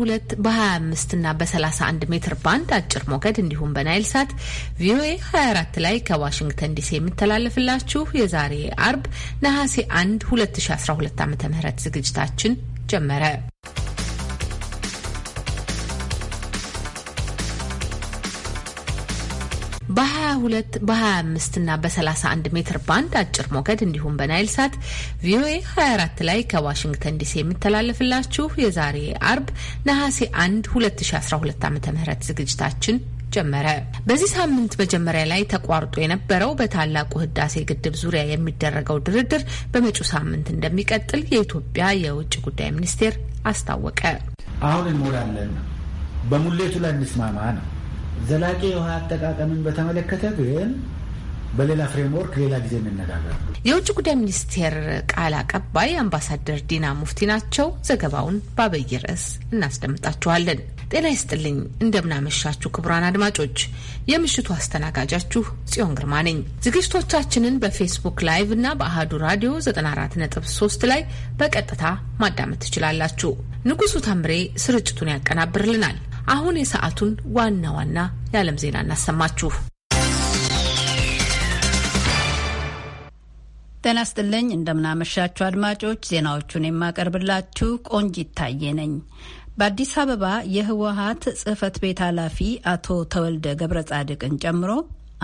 በ በ25 እና በ31 ሜትር ባንድ አጭር ሞገድ እንዲሁም በናይል ሳት ቪኦኤ 24 ላይ ከዋሽንግተን ዲሲ የሚተላለፍላችሁ የዛሬ አርብ ነሐሴ 1 2012 ዓ ም ዝግጅታችን ጀመረ። በ በ25 እና በ31 ሜትር ባንድ አጭር ሞገድ እንዲሁም በናይል ሳት ቪኦኤ 24 ላይ ከዋሽንግተን ዲሲ የሚተላለፍላችሁ የዛሬ አርብ ነሐሴ 1 2012 ዓ ም ዝግጅታችን ጀመረ። በዚህ ሳምንት መጀመሪያ ላይ ተቋርጦ የነበረው በታላቁ ህዳሴ ግድብ ዙሪያ የሚደረገው ድርድር በመጪው ሳምንት እንደሚቀጥል የኢትዮጵያ የውጭ ጉዳይ ሚኒስቴር አስታወቀ። አሁን እንሞላለን፣ በሙሌቱ ላይ እንስማማ ነው ዘላቂ የውሃ አጠቃቀምን በተመለከተ ግን በሌላ ፍሬምወርክ ሌላ ጊዜ እንነጋገር። የውጭ ጉዳይ ሚኒስቴር ቃል አቀባይ አምባሳደር ዲና ሙፍቲ ናቸው። ዘገባውን በአብይ ርዕስ እናስደምጣችኋለን። ጤና ይስጥልኝ፣ እንደምናመሻችሁ ክቡራን አድማጮች፣ የምሽቱ አስተናጋጃችሁ ጽዮን ግርማ ነኝ። ዝግጅቶቻችንን በፌስቡክ ላይቭ እና በአህዱ ራዲዮ 94.3 ላይ በቀጥታ ማዳመጥ ትችላላችሁ። ንጉሱ ታምሬ ስርጭቱን ያቀናብርልናል። አሁን የሰዓቱን ዋና ዋና የዓለም ዜና እናሰማችሁ። ጤና ይስጥልኝ እንደምናመሻችሁ አድማጮች ዜናዎቹን የማቀርብላችሁ ቆንጂት ታዬ ነኝ። በአዲስ አበባ የህወሀት ጽህፈት ቤት ኃላፊ አቶ ተወልደ ገብረ ጻድቅን ጨምሮ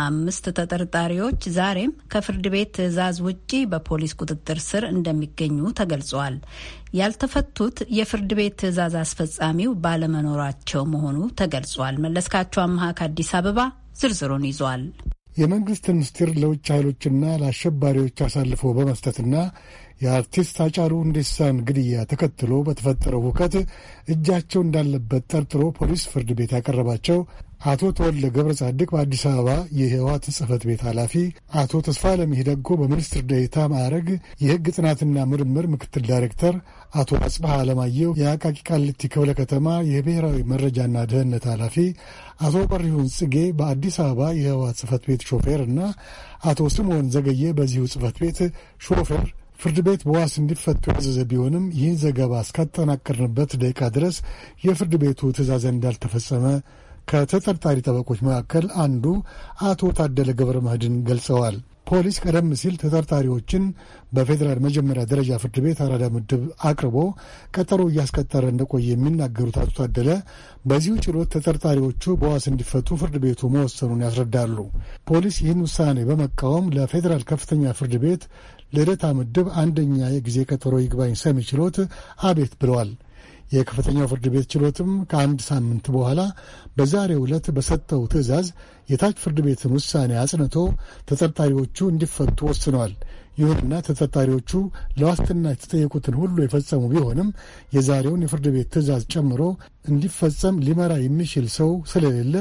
አምስት ተጠርጣሪዎች ዛሬም ከፍርድ ቤት ትዕዛዝ ውጪ በፖሊስ ቁጥጥር ስር እንደሚገኙ ተገልጿል። ያልተፈቱት የፍርድ ቤት ትዕዛዝ አስፈጻሚው ባለመኖራቸው መሆኑ ተገልጿል። መለስካቸው አምሃ ከአዲስ አበባ ዝርዝሩን ይዟል። የመንግስት ምስጢር ለውጭ ኃይሎችና ለአሸባሪዎች አሳልፎ በመስጠትና የአርቲስት አጫሉ ሁንዴሳን ግድያ ተከትሎ በተፈጠረው ሁከት እጃቸው እንዳለበት ጠርጥሮ ፖሊስ ፍርድ ቤት ያቀረባቸው አቶ ተወልደ ገብረ ጻድቅ በአዲስ አበባ የህወሓት ጽህፈት ቤት ኃላፊ፣ አቶ ተስፋለም ደጎ በሚኒስትር ዴኤታ ማዕረግ የህግ ጥናትና ምርምር ምክትል ዳይሬክተር፣ አቶ አጽባህ አለማየሁ የአቃቂ ቃሊቲ ክፍለ ከተማ የብሔራዊ መረጃና ደህንነት ኃላፊ፣ አቶ በሪሁን ጽጌ በአዲስ አበባ የህወሓት ጽህፈት ቤት ሾፌር እና አቶ ስምዖን ዘገየ በዚሁ ጽህፈት ቤት ሾፌር ፍርድ ቤት በዋስ እንዲፈቱ ያዘዘ ቢሆንም ይህን ዘገባ እስካጠናቀርንበት ደቂቃ ድረስ የፍርድ ቤቱ ትዕዛዝ እንዳልተፈጸመ ከተጠርጣሪ ጠበቆች መካከል አንዱ አቶ ታደለ ገብረ መድህን ገልጸዋል። ፖሊስ ቀደም ሲል ተጠርጣሪዎችን በፌዴራል መጀመሪያ ደረጃ ፍርድ ቤት አራዳ ምድብ አቅርቦ ቀጠሮ እያስቀጠረ እንደቆየ የሚናገሩት አቶ ታደለ በዚሁ ችሎት ተጠርጣሪዎቹ በዋስ እንዲፈቱ ፍርድ ቤቱ መወሰኑን ያስረዳሉ። ፖሊስ ይህን ውሳኔ በመቃወም ለፌዴራል ከፍተኛ ፍርድ ቤት ልደታ ምድብ አንደኛ የጊዜ ቀጠሮ ይግባኝ ሰሚ ችሎት አቤት ብለዋል። የከፍተኛው ፍርድ ቤት ችሎትም ከአንድ ሳምንት በኋላ በዛሬ ዕለት በሰጠው ትዕዛዝ የታች ፍርድ ቤትን ውሳኔ አጽንቶ ተጠርጣሪዎቹ እንዲፈቱ ወስነዋል። ይሁንና ተጠርጣሪዎቹ ለዋስትና የተጠየቁትን ሁሉ የፈጸሙ ቢሆንም የዛሬውን የፍርድ ቤት ትዕዛዝ ጨምሮ እንዲፈጸም ሊመራ የሚችል ሰው ስለሌለ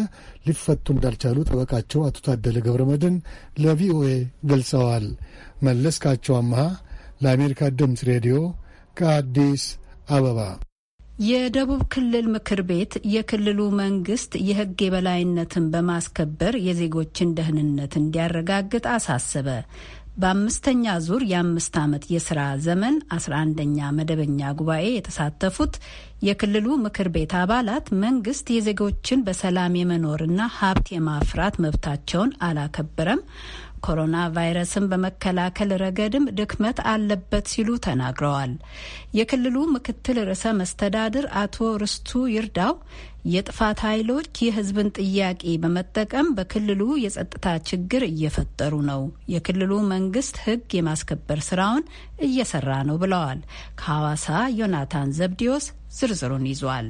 ሊፈቱ እንዳልቻሉ ጠበቃቸው አቶ ታደለ ገብረ መድን ለቪኦኤ ገልጸዋል። መለስካቸው አመሃ ለአሜሪካ ድምፅ ሬዲዮ ከአዲስ አበባ የደቡብ ክልል ምክር ቤት የክልሉ መንግስት የሕግ የበላይነትን በማስከበር የዜጎችን ደህንነት እንዲያረጋግጥ አሳሰበ። በአምስተኛ ዙር የአምስት ዓመት የስራ ዘመን 11ኛ መደበኛ ጉባኤ የተሳተፉት የክልሉ ምክር ቤት አባላት መንግስት የዜጎችን በሰላም የመኖርና ሀብት የማፍራት መብታቸውን አላከበረም ኮሮና ቫይረስን በመከላከል ረገድም ድክመት አለበት ሲሉ ተናግረዋል። የክልሉ ምክትል ርዕሰ መስተዳድር አቶ ርስቱ ይርዳው የጥፋት ኃይሎች የሕዝብን ጥያቄ በመጠቀም በክልሉ የጸጥታ ችግር እየፈጠሩ ነው። የክልሉ መንግስት ሕግ የማስከበር ስራውን እየሰራ ነው ብለዋል። ከሐዋሳ ዮናታን ዘብዲዮስ ዝርዝሩን ይዟል።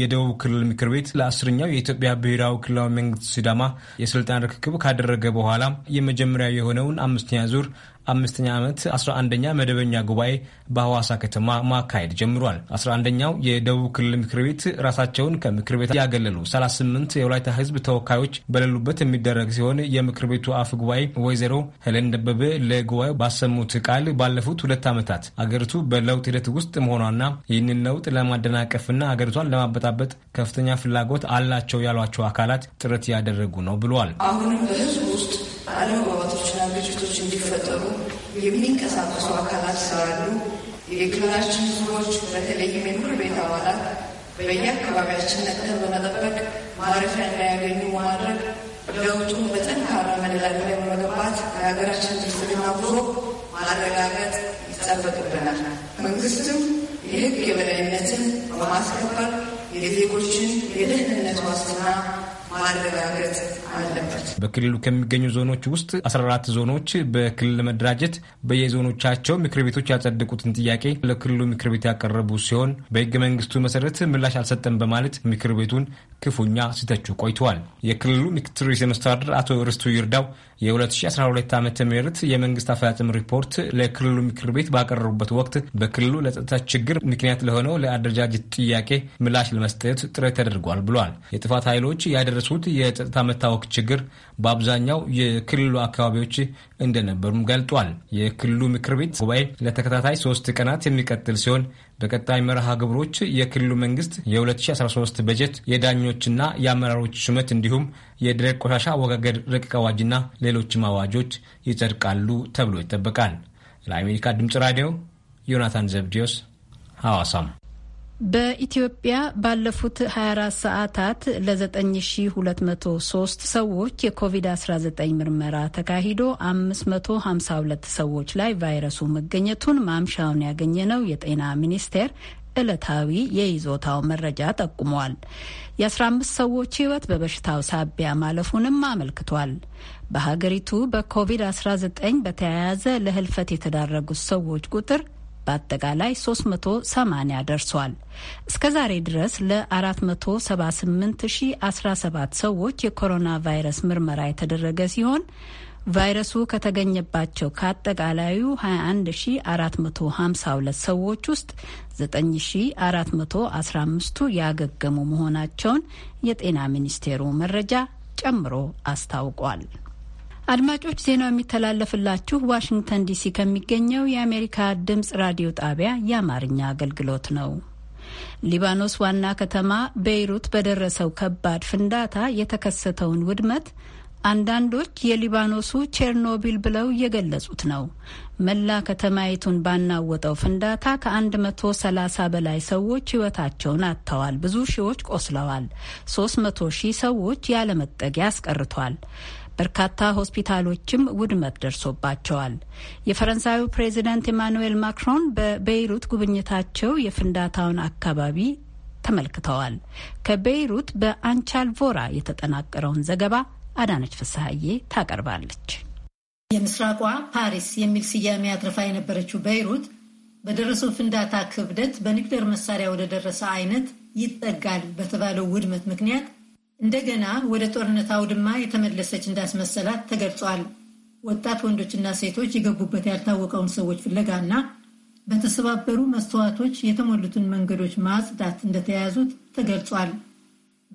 የደቡብ ክልል ምክር ቤት ለአስረኛው የኢትዮጵያ ብሔራዊ ክልላዊ መንግስት ሲዳማ የስልጣን ርክክብ ካደረገ በኋላ የመጀመሪያ የሆነውን አምስተኛ ዙር አምስተኛ ዓመት 11ኛ መደበኛ ጉባኤ በሐዋሳ ከተማ ማካሄድ ጀምሯል። 11ኛው የደቡብ ክልል ምክር ቤት ራሳቸውን ከምክር ቤት ያገለሉ 38 የወላይታ ህዝብ ተወካዮች በሌሉበት የሚደረግ ሲሆን የምክር ቤቱ አፍ ጉባኤ ወይዘሮ ሄለን ደበበ ለጉባኤው ባሰሙት ቃል ባለፉት ሁለት ዓመታት አገሪቱ በለውጥ ሂደት ውስጥ መሆኗና ይህንን ለውጥ ለማደናቀፍና አገሪቷን ለማበጣበጥ ከፍተኛ ፍላጎት አላቸው ያሏቸው አካላት ጥረት እያደረጉ ነው ብሏል። አሁንም በህዝብ ውስጥ አለመግባባቶችና የሚንቀሳቀሱ አካላት ስላሉ የክልላችን ሕዝቦች በተለይም የምክር ቤት አባላት በየአካባቢያችን ነቅተን በመጠበቅ ማረፊያ እንዳያገኙ ማድረግ ለውጡን በጠንካራ መደላል ላይ በመገንባት የሀገራችን ብልጽግና ጉዞ ማረጋገጥ ይጠበቅብናል። መንግስትም የህግ የበላይነትን በማስከበር የዜጎችን የደህንነት ዋስትና ማረጋገጥ አለበት። በክልሉ ከሚገኙ ዞኖች ውስጥ 14 ዞኖች በክልል ለመደራጀት በየዞኖቻቸው ምክር ቤቶች ያጸደቁትን ጥያቄ ለክልሉ ምክር ቤት ያቀረቡ ሲሆን በህገ መንግስቱ መሰረት ምላሽ አልሰጠም በማለት ምክር ቤቱን ክፉኛ ሲተቹ ቆይተዋል። የክልሉ ምክትል ርዕሰ መስተዳድር አቶ ርስቱ ይርዳው የ2012 ዓ ም የመንግስት አፈጻጸም ሪፖርት ለክልሉ ምክር ቤት ባቀረቡበት ወቅት በክልሉ ለጸጥታ ችግር ምክንያት ለሆነው ለአደረጃጀት ጥያቄ ምላሽ ለመስጠት ጥረት ተደርጓል ብሏል። የጥፋት ኃይሎች ያደረ የደረሱት የጸጥታ መታወክ ችግር በአብዛኛው የክልሉ አካባቢዎች እንደነበሩም ገልጧል። የክልሉ ምክር ቤት ጉባኤ ለተከታታይ ሶስት ቀናት የሚቀጥል ሲሆን በቀጣይ መርሃ ግብሮች የክልሉ መንግስት የ2013 በጀት፣ የዳኞችና የአመራሮች ሹመት እንዲሁም የደረቅ ቆሻሻ አወጋገድ ረቂቅ አዋጅና ሌሎችም አዋጆች ይጸድቃሉ ተብሎ ይጠበቃል። ለአሜሪካ ድምፅ ራዲዮ ዮናታን ዘብዲዮስ ሐዋሳም በኢትዮጵያ ባለፉት 24 ሰዓታት ለ9203 ሰዎች የኮቪድ-19 ምርመራ ተካሂዶ 552 ሰዎች ላይ ቫይረሱ መገኘቱን ማምሻውን ያገኘነው የጤና ሚኒስቴር ዕለታዊ የይዞታው መረጃ ጠቁሟል። የ15 ሰዎች ሕይወት በበሽታው ሳቢያ ማለፉንም አመልክቷል። በሀገሪቱ በኮቪድ-19 በተያያዘ ለህልፈት የተዳረጉት ሰዎች ቁጥር በአጠቃላይ 380 ደርሷል። እስከ ዛሬ ድረስ ለ478017 ሰዎች የኮሮና ቫይረስ ምርመራ የተደረገ ሲሆን ቫይረሱ ከተገኘባቸው ከአጠቃላዩ 21452 ሰዎች ውስጥ 9415ቱ ያገገሙ መሆናቸውን የጤና ሚኒስቴሩ መረጃ ጨምሮ አስታውቋል። አድማጮች ዜናው የሚተላለፍላችሁ ዋሽንግተን ዲሲ ከሚገኘው የአሜሪካ ድምጽ ራዲዮ ጣቢያ የአማርኛ አገልግሎት ነው። ሊባኖስ ዋና ከተማ ቤይሩት በደረሰው ከባድ ፍንዳታ የተከሰተውን ውድመት አንዳንዶች የሊባኖሱ ቼርኖቢል ብለው እየገለጹት ነው። መላ ከተማይቱን ባናወጠው ፍንዳታ ከ130 በላይ ሰዎች ሕይወታቸውን አጥተዋል። ብዙ ሺዎች ቆስለዋል። 300 ሺህ ሰዎች ያለመጠጊያ አስቀርቷል። በርካታ ሆስፒታሎችም ውድመት ደርሶባቸዋል። የፈረንሳዩ ፕሬዚዳንት ኢማኑኤል ማክሮን በቤይሩት ጉብኝታቸው የፍንዳታውን አካባቢ ተመልክተዋል። ከቤይሩት በአንቻል ቮራ የተጠናቀረውን ዘገባ አዳነች ፍስሐዬ ታቀርባለች። የምስራቋ ፓሪስ የሚል ስያሜ አትርፋ የነበረችው ቤይሩት በደረሰው ፍንዳታ ክብደት በኒውክሌር መሳሪያ ወደ ደረሰ አይነት ይጠጋል በተባለው ውድመት ምክንያት እንደገና ወደ ጦርነት አውድማ የተመለሰች እንዳስመሰላት ተገልጿል። ወጣት ወንዶችና ሴቶች የገቡበት ያልታወቀውን ሰዎች ፍለጋና በተሰባበሩ መስተዋቶች የተሞሉትን መንገዶች ማጽዳት እንደተያያዙት ተገልጿል።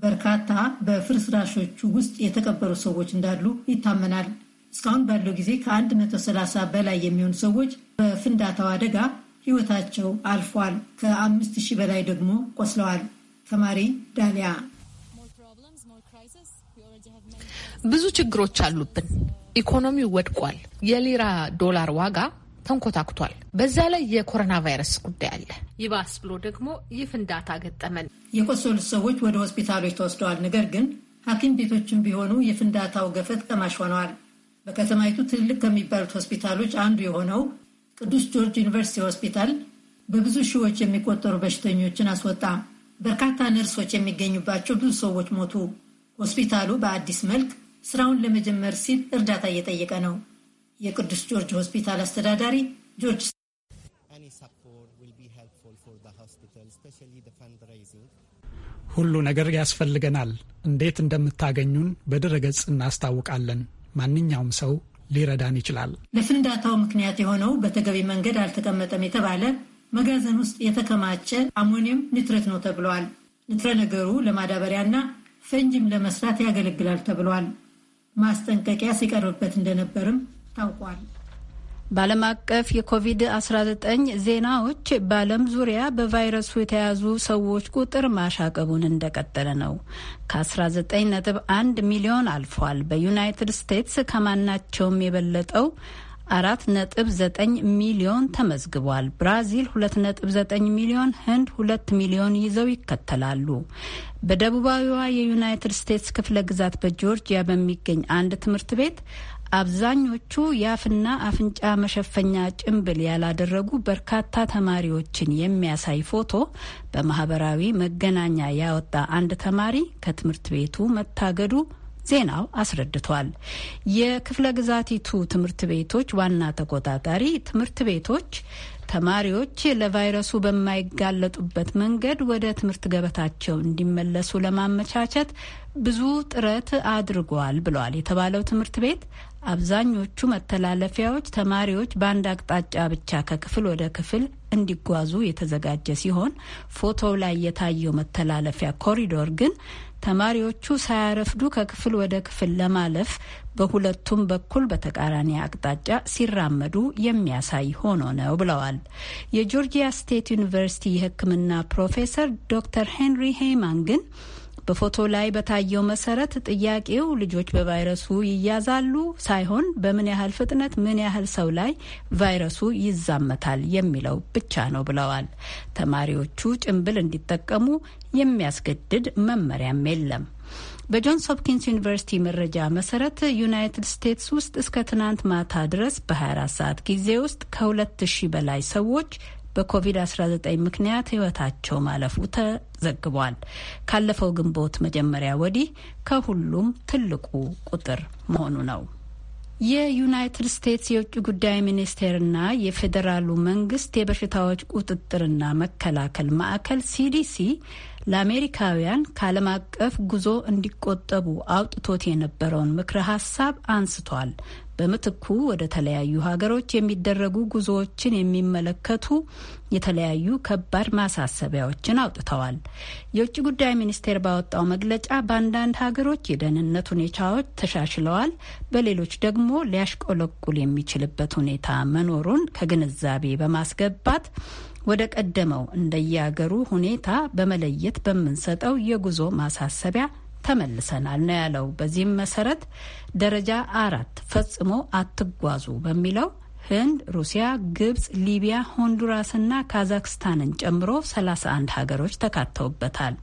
በርካታ በፍርስራሾቹ ውስጥ የተቀበሩ ሰዎች እንዳሉ ይታመናል። እስካሁን ባለው ጊዜ ከ130 በላይ የሚሆኑ ሰዎች በፍንዳታው አደጋ ሕይወታቸው አልፏል። ከ5000 በላይ ደግሞ ቆስለዋል። ተማሪ ዳሊያ ብዙ ችግሮች አሉብን። ኢኮኖሚው ወድቋል። የሊራ ዶላር ዋጋ ተንኮታክቷል። በዛ ላይ የኮሮና ቫይረስ ጉዳይ አለ። ይባስ ብሎ ደግሞ ይህ ፍንዳታ ገጠመን። የቆሰሉት ሰዎች ወደ ሆስፒታሎች ተወስደዋል። ነገር ግን ሐኪም ቤቶችም ቢሆኑ የፍንዳታው ገፈት ቀማሽ ሆነዋል። በከተማይቱ ትልቅ ከሚባሉት ሆስፒታሎች አንዱ የሆነው ቅዱስ ጆርጅ ዩኒቨርሲቲ ሆስፒታል በብዙ ሺዎች የሚቆጠሩ በሽተኞችን አስወጣ። በርካታ ነርሶች የሚገኙባቸው ብዙ ሰዎች ሞቱ። ሆስፒታሉ በአዲስ መልክ ስራውን ለመጀመር ሲል እርዳታ እየጠየቀ ነው። የቅዱስ ጆርጅ ሆስፒታል አስተዳዳሪ ጆርጅ ሁሉ ነገር ያስፈልገናል። እንዴት እንደምታገኙን በድረገጽ እናስታውቃለን። ማንኛውም ሰው ሊረዳን ይችላል። ለፍንዳታው ምክንያት የሆነው በተገቢ መንገድ አልተቀመጠም የተባለ መጋዘን ውስጥ የተከማቸ አሞኒየም ንትረት ነው ተብሏል። ንጥረ ነገሩ ለማዳበሪያና ፈንጅም ለመስራት ያገለግላል ተብሏል። ማስጠንቀቂያ ሲቀርብበት እንደነበርም ታውቋል። በዓለም አቀፍ የኮቪድ-19 ዜናዎች በዓለም ዙሪያ በቫይረሱ የተያዙ ሰዎች ቁጥር ማሻቀቡን እንደቀጠለ ነው። ከ19.1 ሚሊዮን አልፏል። በዩናይትድ ስቴትስ ከማናቸውም የበለጠው አራት ነጥብ ዘጠኝ ሚሊዮን ተመዝግቧል። ብራዚል ሁለት ነጥብ ዘጠኝ ሚሊዮን፣ ህንድ ሁለት ሚሊዮን ይዘው ይከተላሉ። በደቡባዊዋ የዩናይትድ ስቴትስ ክፍለ ግዛት በጆርጂያ በሚገኝ አንድ ትምህርት ቤት አብዛኞቹ የአፍና አፍንጫ መሸፈኛ ጭንብል ያላደረጉ በርካታ ተማሪዎችን የሚያሳይ ፎቶ በማህበራዊ መገናኛ ያወጣ አንድ ተማሪ ከትምህርት ቤቱ መታገዱ ዜናው አስረድቷል። የክፍለ ግዛቲቱ ትምህርት ቤቶች ዋና ተቆጣጣሪ ትምህርት ቤቶች ተማሪዎች ለቫይረሱ በማይጋለጡበት መንገድ ወደ ትምህርት ገበታቸው እንዲመለሱ ለማመቻቸት ብዙ ጥረት አድርጓል ብሏል የተባለው ትምህርት ቤት አብዛኞቹ መተላለፊያዎች ተማሪዎች በአንድ አቅጣጫ ብቻ ከክፍል ወደ ክፍል እንዲጓዙ የተዘጋጀ ሲሆን ፎቶው ላይ የታየው መተላለፊያ ኮሪዶር ግን ተማሪዎቹ ሳያረፍዱ ከክፍል ወደ ክፍል ለማለፍ በሁለቱም በኩል በተቃራኒ አቅጣጫ ሲራመዱ የሚያሳይ ሆኖ ነው ብለዋል። የጆርጂያ ስቴት ዩኒቨርሲቲ የሕክምና ፕሮፌሰር ዶክተር ሄንሪ ሄይማን ግን በፎቶ ላይ በታየው መሰረት ጥያቄው ልጆች በቫይረሱ ይያዛሉ ሳይሆን በምን ያህል ፍጥነት ምን ያህል ሰው ላይ ቫይረሱ ይዛመታል የሚለው ብቻ ነው ብለዋል። ተማሪዎቹ ጭንብል እንዲጠቀሙ የሚያስገድድ መመሪያም የለም። በጆንስ ሆፕኪንስ ዩኒቨርሲቲ መረጃ መሰረት ዩናይትድ ስቴትስ ውስጥ እስከ ትናንት ማታ ድረስ በ24 ሰዓት ጊዜ ውስጥ ከ2000 በላይ ሰዎች በኮቪድ-19 ምክንያት ሕይወታቸው ማለፉ ተዘግቧል። ካለፈው ግንቦት መጀመሪያ ወዲህ ከሁሉም ትልቁ ቁጥር መሆኑ ነው። የዩናይትድ ስቴትስ የውጭ ጉዳይ ሚኒስቴርና የፌዴራሉ መንግስት የበሽታዎች ቁጥጥርና መከላከል ማዕከል ሲዲሲ ለአሜሪካውያን ከዓለም አቀፍ ጉዞ እንዲቆጠቡ አውጥቶት የነበረውን ምክረ ሀሳብ አንስቷል። በምትኩ ወደ ተለያዩ ሀገሮች የሚደረጉ ጉዞዎችን የሚመለከቱ የተለያዩ ከባድ ማሳሰቢያዎችን አውጥተዋል። የውጭ ጉዳይ ሚኒስቴር ባወጣው መግለጫ በአንዳንድ ሀገሮች የደህንነት ሁኔታዎች ተሻሽለዋል፣ በሌሎች ደግሞ ሊያሽቆለቁል የሚችልበት ሁኔታ መኖሩን ከግንዛቤ በማስገባት ወደ ቀደመው እንደያገሩ ሁኔታ በመለየት በምንሰጠው የጉዞ ማሳሰቢያ ተመልሰናል ነው ያለው። በዚህም መሰረት ደረጃ አራት ፈጽሞ አትጓዙ በሚለው ህንድ፣ ሩሲያ፣ ግብጽ፣ ሊቢያ፣ ሆንዱራስና ካዛክስታንን ጨምሮ 31 ሀገሮች ተካተውበታል።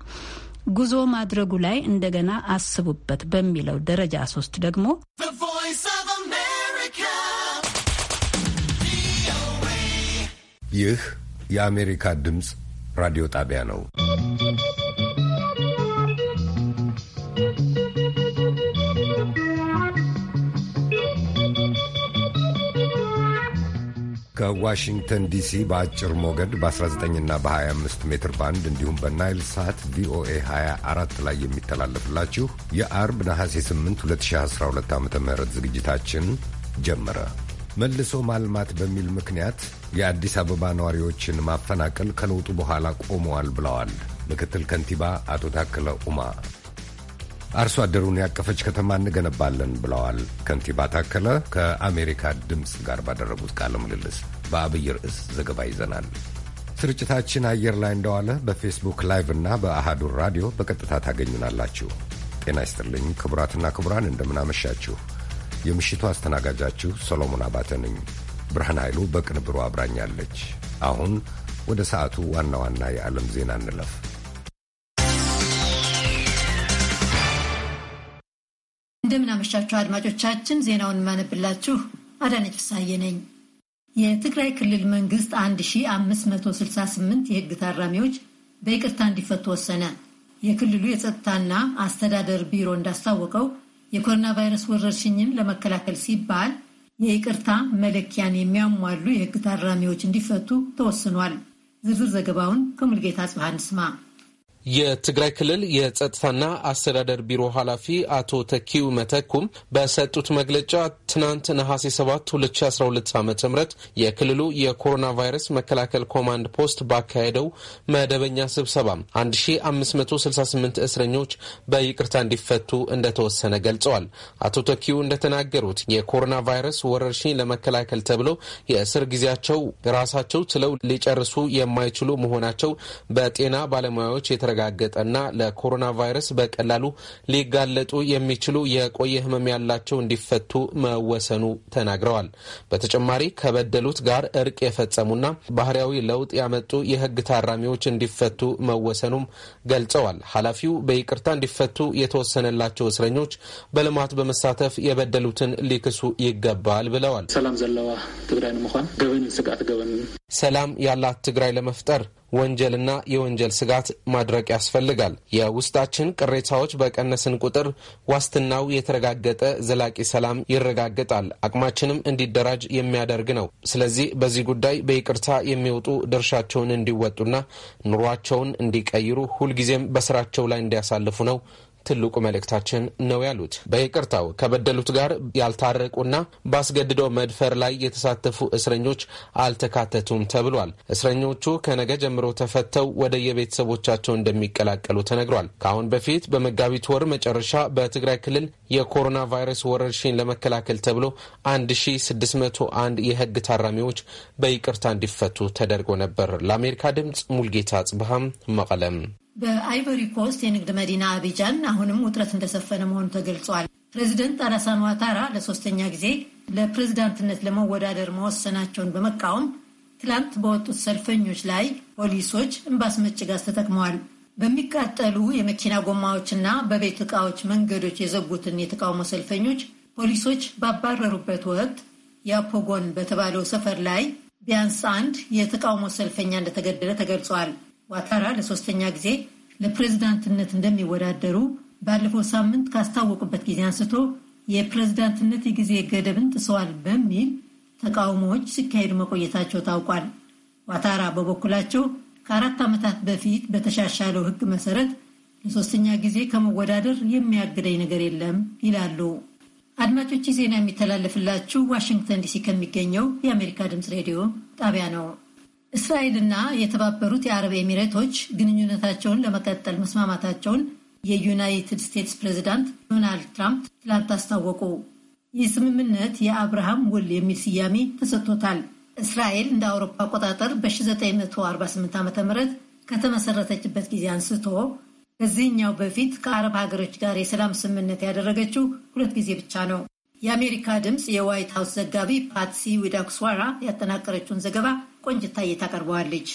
ጉዞ ማድረጉ ላይ እንደገና አስቡበት በሚለው ደረጃ ሶስት ደግሞ ይህ የአሜሪካ ድምፅ ራዲዮ ጣቢያ ነው። ከዋሽንግተን ዲሲ በአጭር ሞገድ በ19ና በ25 ሜትር ባንድ እንዲሁም በናይል ሳት ቪኦኤ 24 ላይ የሚተላለፍላችሁ የአርብ ነሐሴ 8 2012 ዓ ም ዝግጅታችን ጀመረ። መልሶ ማልማት በሚል ምክንያት የአዲስ አበባ ነዋሪዎችን ማፈናቀል ከለውጡ በኋላ ቆመዋል ብለዋል ምክትል ከንቲባ አቶ ታከለ ኡማ። አርሶ አደሩን ያቀፈች ከተማ እንገነባለን ብለዋል ከንቲባ ታከለ ከአሜሪካ ድምፅ ጋር ባደረጉት ቃለ ምልልስ። በአብይ ርዕስ ዘገባ ይዘናል። ስርጭታችን አየር ላይ እንደዋለ በፌስቡክ ላይቭ እና በአሃዱር ራዲዮ በቀጥታ ታገኙናላችሁ። ጤና ይስጥልኝ ክቡራትና ክቡራን እንደምናመሻችሁ የምሽቱ አስተናጋጃችሁ ሰሎሞን አባተ ነኝ። ብርሃን ኃይሉ በቅንብሩ አብራኛለች። አሁን ወደ ሰዓቱ ዋና ዋና የዓለም ዜና እንለፍ። እንደምናመሻችሁ አድማጮቻችን፣ ዜናውን የማነብላችሁ አዳነች ፍሳዬ ነኝ። የትግራይ ክልል መንግስት 1568 የህግ ታራሚዎች በይቅርታ እንዲፈቱ ወሰነ። የክልሉ የጸጥታና አስተዳደር ቢሮ እንዳስታወቀው የኮሮና ቫይረስ ወረርሽኝን ለመከላከል ሲባል የይቅርታ መለኪያን የሚያሟሉ የህግ ታራሚዎች እንዲፈቱ ተወስኗል። ዝርዝር ዘገባውን ከሙልጌታ ጽባህ እንስማ። የትግራይ ክልል የጸጥታና አስተዳደር ቢሮ ኃላፊ አቶ ተኪው መተኩም በሰጡት መግለጫ ትናንት ነሐሴ 7 2012 ዓ ም የክልሉ የኮሮና ቫይረስ መከላከል ኮማንድ ፖስት ባካሄደው መደበኛ ስብሰባ 1568 እስረኞች በይቅርታ እንዲፈቱ እንደተወሰነ ገልጸዋል። አቶ ተኪው እንደተናገሩት የኮሮና ቫይረስ ወረርሽኝ ለመከላከል ተብሎ የእስር ጊዜያቸው ራሳቸው ትለው ሊጨርሱ የማይችሉ መሆናቸው በጤና ባለሙያዎች የተረ የተረጋገጠና ለኮሮና ቫይረስ በቀላሉ ሊጋለጡ የሚችሉ የቆየ ህመም ያላቸው እንዲፈቱ መወሰኑ ተናግረዋል። በተጨማሪ ከበደሉት ጋር እርቅ የፈጸሙና ባህርያዊ ለውጥ ያመጡ የህግ ታራሚዎች እንዲፈቱ መወሰኑም ገልጸዋል። ኃላፊው በይቅርታ እንዲፈቱ የተወሰነላቸው እስረኞች በልማት በመሳተፍ የበደሉትን ሊክሱ ይገባል ብለዋል። ሰላም ዘለዋ ትግራይ ንምኳን ገበን ስጋት ገበን ሰላም ያላት ትግራይ ለመፍጠር ወንጀልና የወንጀል ስጋት ማድረቅ ያስፈልጋል። የውስጣችን ቅሬታዎች በቀነስን ቁጥር ዋስትናው የተረጋገጠ ዘላቂ ሰላም ይረጋገጣል፣ አቅማችንም እንዲደራጅ የሚያደርግ ነው። ስለዚህ በዚህ ጉዳይ በይቅርታ የሚወጡ ድርሻቸውን እንዲወጡና ኑሯቸውን እንዲቀይሩ ሁልጊዜም በስራቸው ላይ እንዲያሳልፉ ነው ትልቁ መልእክታችን ነው ያሉት በይቅርታው ከበደሉት ጋር ያልታረቁና በአስገድዶ መድፈር ላይ የተሳተፉ እስረኞች አልተካተቱም ተብሏል። እስረኞቹ ከነገ ጀምሮ ተፈተው ወደ የቤተሰቦቻቸው እንደሚቀላቀሉ ተነግሯል። ከአሁን በፊት በመጋቢት ወር መጨረሻ በትግራይ ክልል የኮሮና ቫይረስ ወረርሽኝ ለመከላከል ተብሎ 1601 የህግ ታራሚዎች በይቅርታ እንዲፈቱ ተደርጎ ነበር። ለአሜሪካ ድምፅ ሙልጌታ ጽብሃም መቀለም በአይቨሪ ኮስት የንግድ መዲና አቢጃን አሁንም ውጥረት እንደሰፈነ መሆኑ ተገልጿል። ፕሬዚደንት አላሳን ዋታራ ለሶስተኛ ጊዜ ለፕሬዚዳንትነት ለመወዳደር መወሰናቸውን በመቃወም ትላንት በወጡት ሰልፈኞች ላይ ፖሊሶች እምባ አስመጪ ጋዝ ተጠቅመዋል። በሚቃጠሉ የመኪና ጎማዎችና በቤት ዕቃዎች መንገዶች የዘጉትን የተቃውሞ ሰልፈኞች ፖሊሶች ባባረሩበት ወቅት ያፖጎን በተባለው ሰፈር ላይ ቢያንስ አንድ የተቃውሞ ሰልፈኛ እንደተገደለ ተገልጿል። ዋታራ ለሶስተኛ ጊዜ ለፕሬዝዳንትነት እንደሚወዳደሩ ባለፈው ሳምንት ካስታወቁበት ጊዜ አንስቶ የፕሬዝዳንትነት የጊዜ ገደብን ጥሰዋል በሚል ተቃውሞዎች ሲካሄዱ መቆየታቸው ታውቋል። ዋታራ በበኩላቸው ከአራት ዓመታት በፊት በተሻሻለው ሕግ መሰረት ለሶስተኛ ጊዜ ከመወዳደር የሚያግደኝ ነገር የለም ይላሉ። አድማጮች፣ ዜና የሚተላለፍላችሁ ዋሽንግተን ዲሲ ከሚገኘው የአሜሪካ ድምፅ ሬዲዮ ጣቢያ ነው። እስራኤልና የተባበሩት የአረብ ኤሚሬቶች ግንኙነታቸውን ለመቀጠል መስማማታቸውን የዩናይትድ ስቴትስ ፕሬዚዳንት ዶናልድ ትራምፕ ትላንት አስታወቁ። ይህ ስምምነት የአብርሃም ውል የሚል ስያሜ ተሰጥቶታል። እስራኤል እንደ አውሮፓ አቆጣጠር በ1948 ዓ ም ከተመሰረተችበት ጊዜ አንስቶ ከዚህኛው በፊት ከአረብ ሀገሮች ጋር የሰላም ስምምነት ያደረገችው ሁለት ጊዜ ብቻ ነው። የአሜሪካ ድምፅ የዋይት ሀውስ ዘጋቢ ፓትሲ ዊዳክስዋራ ያጠናቀረችውን ዘገባ ቆንጅታዬ ታቀርበዋለች።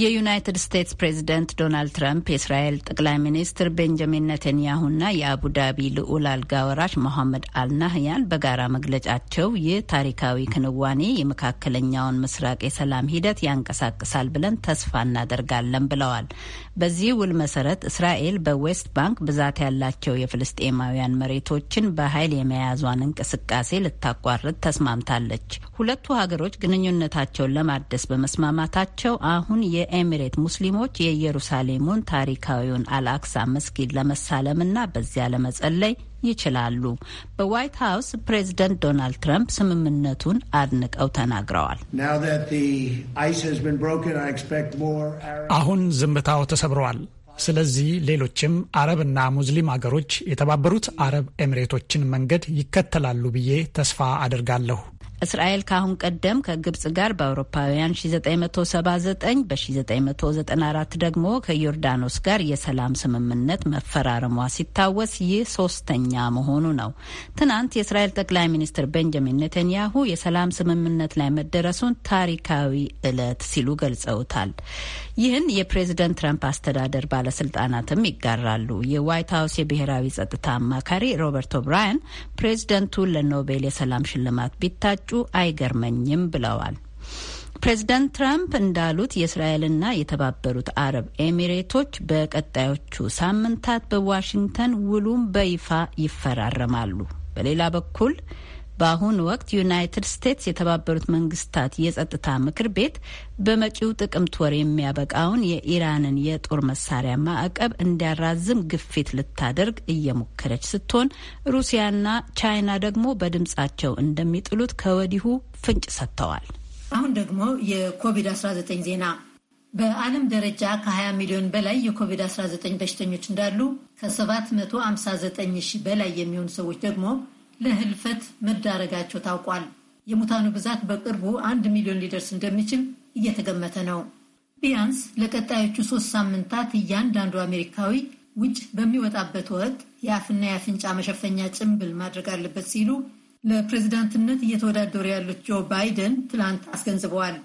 የዩናይትድ ስቴትስ ፕሬዝደንት ዶናልድ ትራምፕ የእስራኤል ጠቅላይ ሚኒስትር ቤንጃሚን ነተንያሁና የአቡዳቢ ልዑል አልጋ ወራሽ ሞሐመድ አልናህያን በጋራ መግለጫቸው ይህ ታሪካዊ ክንዋኔ የመካከለኛውን ምስራቅ የሰላም ሂደት ያንቀሳቅሳል ብለን ተስፋ እናደርጋለን ብለዋል። በዚህ ውል መሰረት እስራኤል በዌስት ባንክ ብዛት ያላቸው የፍልስጤማውያን መሬቶችን በኃይል የመያዟን እንቅስቃሴ ልታቋርጥ ተስማምታለች። ሁለቱ ሀገሮች ግንኙነታቸውን ለማደስ በመስማማታቸው አሁን የኤሚሬት ሙስሊሞች የኢየሩሳሌሙን ታሪካዊውን አልአክሳ መስጊድ ለመሳለምና በዚያ ለመጸለይ ይችላሉ። በዋይት ሀውስ ፕሬዝደንት ዶናልድ ትራምፕ ስምምነቱን አድንቀው ተናግረዋል። አሁን ዝምታው ተሰብረዋል። ስለዚህ ሌሎችም አረብና ሙስሊም አገሮች የተባበሩት አረብ ኤሚሬቶችን መንገድ ይከተላሉ ብዬ ተስፋ አድርጋለሁ። እስራኤል ከአሁን ቀደም ከግብጽ ጋር በአውሮፓውያን 1979 በ1994 ደግሞ ከዮርዳኖስ ጋር የሰላም ስምምነት መፈራረሟ ሲታወስ ይህ ሶስተኛ መሆኑ ነው። ትናንት የእስራኤል ጠቅላይ ሚኒስትር ቤንጃሚን ኔተንያሁ የሰላም ስምምነት ላይ መደረሱን ታሪካዊ ዕለት ሲሉ ገልጸውታል። ይህን የፕሬዝደንት ትራምፕ አስተዳደር ባለስልጣናትም ይጋራሉ። የዋይት ሀውስ የብሔራዊ ጸጥታ አማካሪ ሮበርት ኦብራያን ፕሬዝደንቱ ለኖቤል የሰላም ሽልማት ቢታጩ አይገርመኝም ብለዋል። ፕሬዚዳንት ትራምፕ እንዳሉት የእስራኤልና የተባበሩት አረብ ኤሚሬቶች በቀጣዮቹ ሳምንታት በዋሽንግተን ውሉም በይፋ ይፈራረማሉ። በሌላ በኩል በአሁኑ ወቅት ዩናይትድ ስቴትስ የተባበሩት መንግስታት የጸጥታ ምክር ቤት በመጪው ጥቅምት ወር የሚያበቃውን የኢራንን የጦር መሳሪያ ማዕቀብ እንዲያራዝም ግፊት ልታደርግ እየሞከረች ስትሆን ሩሲያና ቻይና ደግሞ በድምጻቸው እንደሚጥሉት ከወዲሁ ፍንጭ ሰጥተዋል። አሁን ደግሞ የኮቪድ-19 ዜና። በዓለም ደረጃ ከ20 ሚሊዮን በላይ የኮቪድ-19 በሽተኞች እንዳሉ ከ759 ሺህ በላይ የሚሆኑ ሰዎች ደግሞ ለህልፈት መዳረጋቸው ታውቋል። የሙታኑ ብዛት በቅርቡ አንድ ሚሊዮን ሊደርስ እንደሚችል እየተገመተ ነው። ቢያንስ ለቀጣዮቹ ሶስት ሳምንታት እያንዳንዱ አሜሪካዊ ውጭ በሚወጣበት ወቅት የአፍና የአፍንጫ መሸፈኛ ጭንብል ማድረግ አለበት ሲሉ ለፕሬዚዳንትነት እየተወዳደሩ ያሉት ጆ ባይደን ትላንት አስገንዝበዋል።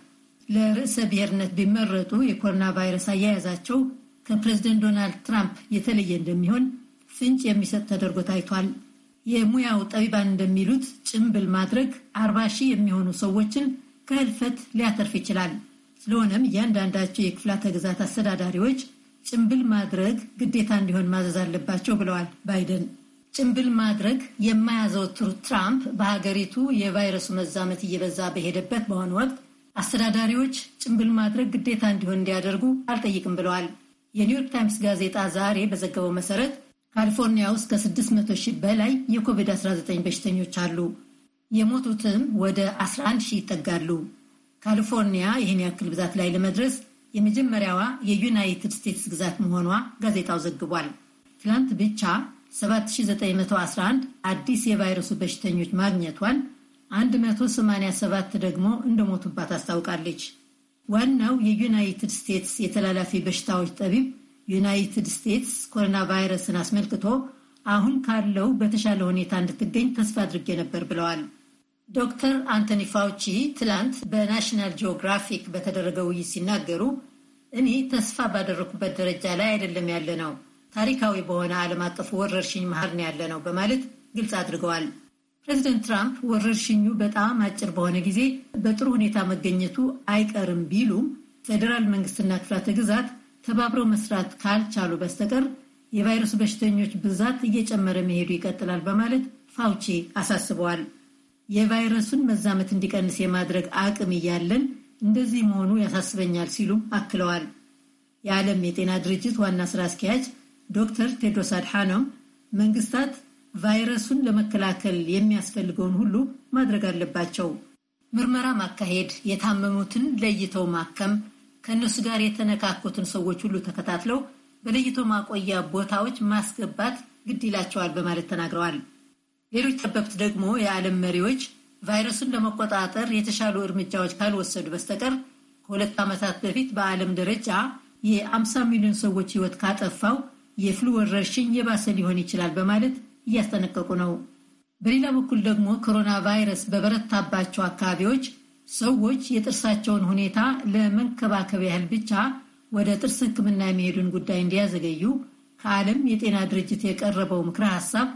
ለርዕሰ ብሔርነት ቢመረጡ የኮሮና ቫይረስ አያያዛቸው ከፕሬዚደንት ዶናልድ ትራምፕ የተለየ እንደሚሆን ፍንጭ የሚሰጥ ተደርጎ ታይቷል። የሙያው ጠቢባን እንደሚሉት ጭምብል ማድረግ አርባ ሺህ የሚሆኑ ሰዎችን ከህልፈት ሊያተርፍ ይችላል። ስለሆነም እያንዳንዳቸው የክፍላተ ግዛት አስተዳዳሪዎች ጭምብል ማድረግ ግዴታ እንዲሆን ማዘዝ አለባቸው ብለዋል ባይደን። ጭምብል ማድረግ የማያዘወትሩት ትራምፕ በሀገሪቱ የቫይረሱ መዛመት እየበዛ በሄደበት በአሁኑ ወቅት አስተዳዳሪዎች ጭምብል ማድረግ ግዴታ እንዲሆን እንዲያደርጉ አልጠይቅም ብለዋል። የኒውዮርክ ታይምስ ጋዜጣ ዛሬ በዘገበው መሰረት ካሊፎርኒያ ውስጥ ከ600 ሺህ በላይ የኮቪድ-19 በሽተኞች አሉ። የሞቱትም ወደ 11 ሺህ ይጠጋሉ። ካሊፎርኒያ ይህን ያክል ብዛት ላይ ለመድረስ የመጀመሪያዋ የዩናይትድ ስቴትስ ግዛት መሆኗ ጋዜጣው ዘግቧል። ትላንት ብቻ 7911 አዲስ የቫይረሱ በሽተኞች ማግኘቷን 187 ደግሞ እንደሞቱባት አስታውቃለች። ዋናው የዩናይትድ ስቴትስ የተላላፊ በሽታዎች ጠቢብ ዩናይትድ ስቴትስ ኮሮና ቫይረስን አስመልክቶ አሁን ካለው በተሻለ ሁኔታ እንድትገኝ ተስፋ አድርጌ ነበር ብለዋል። ዶክተር አንቶኒ ፋውቺ ትላንት በናሽናል ጂኦግራፊክ በተደረገ ውይይት ሲናገሩ እኔ ተስፋ ባደረኩበት ደረጃ ላይ አይደለም ያለ ነው፣ ታሪካዊ በሆነ ዓለም አቀፍ ወረርሽኝ መሀል ነው ያለ ነው በማለት ግልጽ አድርገዋል። ፕሬዚደንት ትራምፕ ወረርሽኙ በጣም አጭር በሆነ ጊዜ በጥሩ ሁኔታ መገኘቱ አይቀርም ቢሉም ፌዴራል መንግስትና ክፍላተ ግዛት ተባብረው መስራት ካልቻሉ በስተቀር የቫይረሱ በሽተኞች ብዛት እየጨመረ መሄዱ ይቀጥላል በማለት ፋውቺ አሳስበዋል። የቫይረሱን መዛመት እንዲቀንስ የማድረግ አቅም እያለን እንደዚህ መሆኑ ያሳስበኛል ሲሉም አክለዋል። የዓለም የጤና ድርጅት ዋና ስራ አስኪያጅ ዶክተር ቴድሮስ አድሓኖም መንግስታት ቫይረሱን ለመከላከል የሚያስፈልገውን ሁሉ ማድረግ አለባቸው። ምርመራ ማካሄድ፣ የታመሙትን ለይተው ማከም ከእነሱ ጋር የተነካኩትን ሰዎች ሁሉ ተከታትለው በለይቶ ማቆያ ቦታዎች ማስገባት ግድ ይላቸዋል በማለት ተናግረዋል። ሌሎች ጠበብት ደግሞ የዓለም መሪዎች ቫይረሱን ለመቆጣጠር የተሻሉ እርምጃዎች ካልወሰዱ በስተቀር ከሁለት ዓመታት በፊት በዓለም ደረጃ የአምሳ ሚሊዮን ሰዎች ሕይወት ካጠፋው የፍሉ ወረርሽኝ የባሰ ሊሆን ይችላል በማለት እያስጠነቀቁ ነው። በሌላ በኩል ደግሞ ኮሮና ቫይረስ በበረታባቸው አካባቢዎች ሰዎች የጥርሳቸውን ሁኔታ ለመንከባከብ ያህል ብቻ ወደ ጥርስ ሕክምና የሚሄዱን ጉዳይ እንዲያዘገዩ ከዓለም የጤና ድርጅት የቀረበው ምክረ ሀሳብ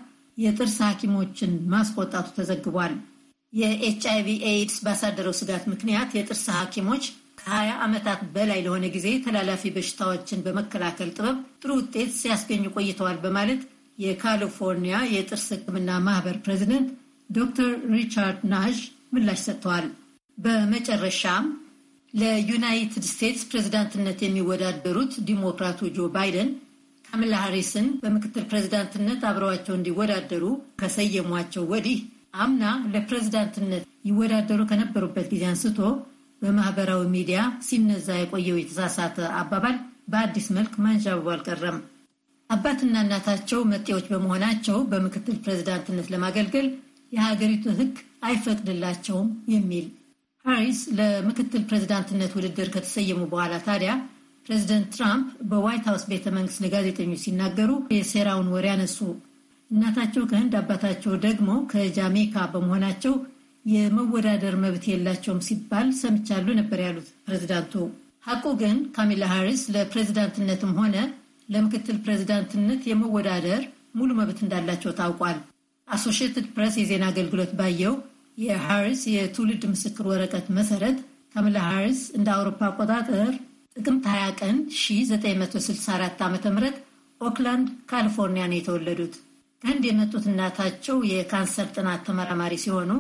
የጥርስ ሐኪሞችን ማስቆጣቱ ተዘግቧል። የኤች ኤድስ ባሳደረው ስጋት ምክንያት የጥርስ ሐኪሞች ከ ዓመታት በላይ ለሆነ ጊዜ ተላላፊ በሽታዎችን በመከላከል ጥበብ ጥሩ ውጤት ሲያስገኙ ቆይተዋል በማለት የካሊፎርኒያ የጥርስ ሕክምና ማህበር ፕሬዚደንት ዶክተር ሪቻርድ ናሽ ምላሽ ሰጥተዋል። በመጨረሻም ለዩናይትድ ስቴትስ ፕሬዚዳንትነት የሚወዳደሩት ዲሞክራቱ ጆ ባይደን ካምላ ሃሪስን በምክትል ፕሬዚዳንትነት አብረዋቸው እንዲወዳደሩ ከሰየሟቸው ወዲህ አምና ለፕሬዚዳንትነት ይወዳደሩ ከነበሩበት ጊዜ አንስቶ በማህበራዊ ሚዲያ ሲነዛ የቆየው የተሳሳተ አባባል በአዲስ መልክ ማንዣበቡ አልቀረም። አባትና እናታቸው መጤዎች በመሆናቸው በምክትል ፕሬዚዳንትነት ለማገልገል የሀገሪቱ ሕግ አይፈቅድላቸውም የሚል ሃሪስ ለምክትል ፕሬዚዳንትነት ውድድር ከተሰየሙ በኋላ ታዲያ ፕሬዚደንት ትራምፕ በዋይት ሀውስ ቤተ መንግስት ለጋዜጠኞች ሲናገሩ የሴራውን ወሬ አነሱ። እናታቸው ከህንድ አባታቸው ደግሞ ከጃሜካ በመሆናቸው የመወዳደር መብት የላቸውም ሲባል ሰምቻሉ ነበር ያሉት ፕሬዚዳንቱ። ሐቁ ግን ካሚላ ሃሪስ ለፕሬዚዳንትነትም ሆነ ለምክትል ፕሬዚዳንትነት የመወዳደር ሙሉ መብት እንዳላቸው ታውቋል። አሶሺየትድ ፕሬስ የዜና አገልግሎት ባየው የሃሪስ የትውልድ ምስክር ወረቀት መሰረት ካምላ ሃሪስ እንደ አውሮፓ አቆጣጠር ጥቅምት 20 ቀን 1964 ዓ ም ኦክላንድ ካሊፎርኒያ ነው የተወለዱት። ከህንድ የመጡት እናታቸው የካንሰር ጥናት ተመራማሪ ሲሆኑ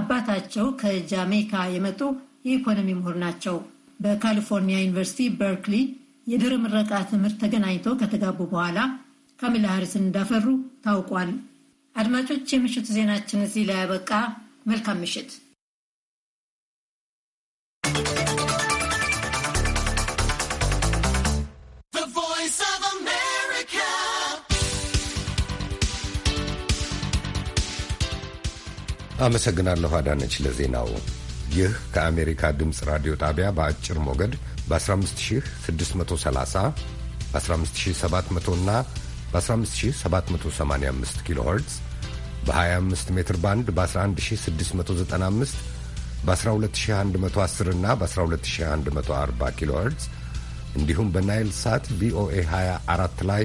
አባታቸው ከጃሜይካ የመጡ የኢኮኖሚ ምሁር ናቸው። በካሊፎርኒያ ዩኒቨርሲቲ በርክሊ የድህረ ምረቃ ትምህርት ተገናኝተው ከተጋቡ በኋላ ካሚላ ሃሪስን እንዳፈሩ ታውቋል። አድማጮች፣ የምሽቱ ዜናችን እዚህ ላይ ያበቃ። መልካም ምሽት። አመሰግናለሁ አዳነች ለዜናው። ይህ ከአሜሪካ ድምፅ ራዲዮ ጣቢያ በአጭር ሞገድ በ15630 በ15700 እና በ15785 ኪሎ ኸርትዝ በ25 ሜትር ባንድ በ11695 በ12110 እና በ12140 ኪሎ ሄርትዝ እንዲሁም በናይል ሳት ቪኦኤ 24 ላይ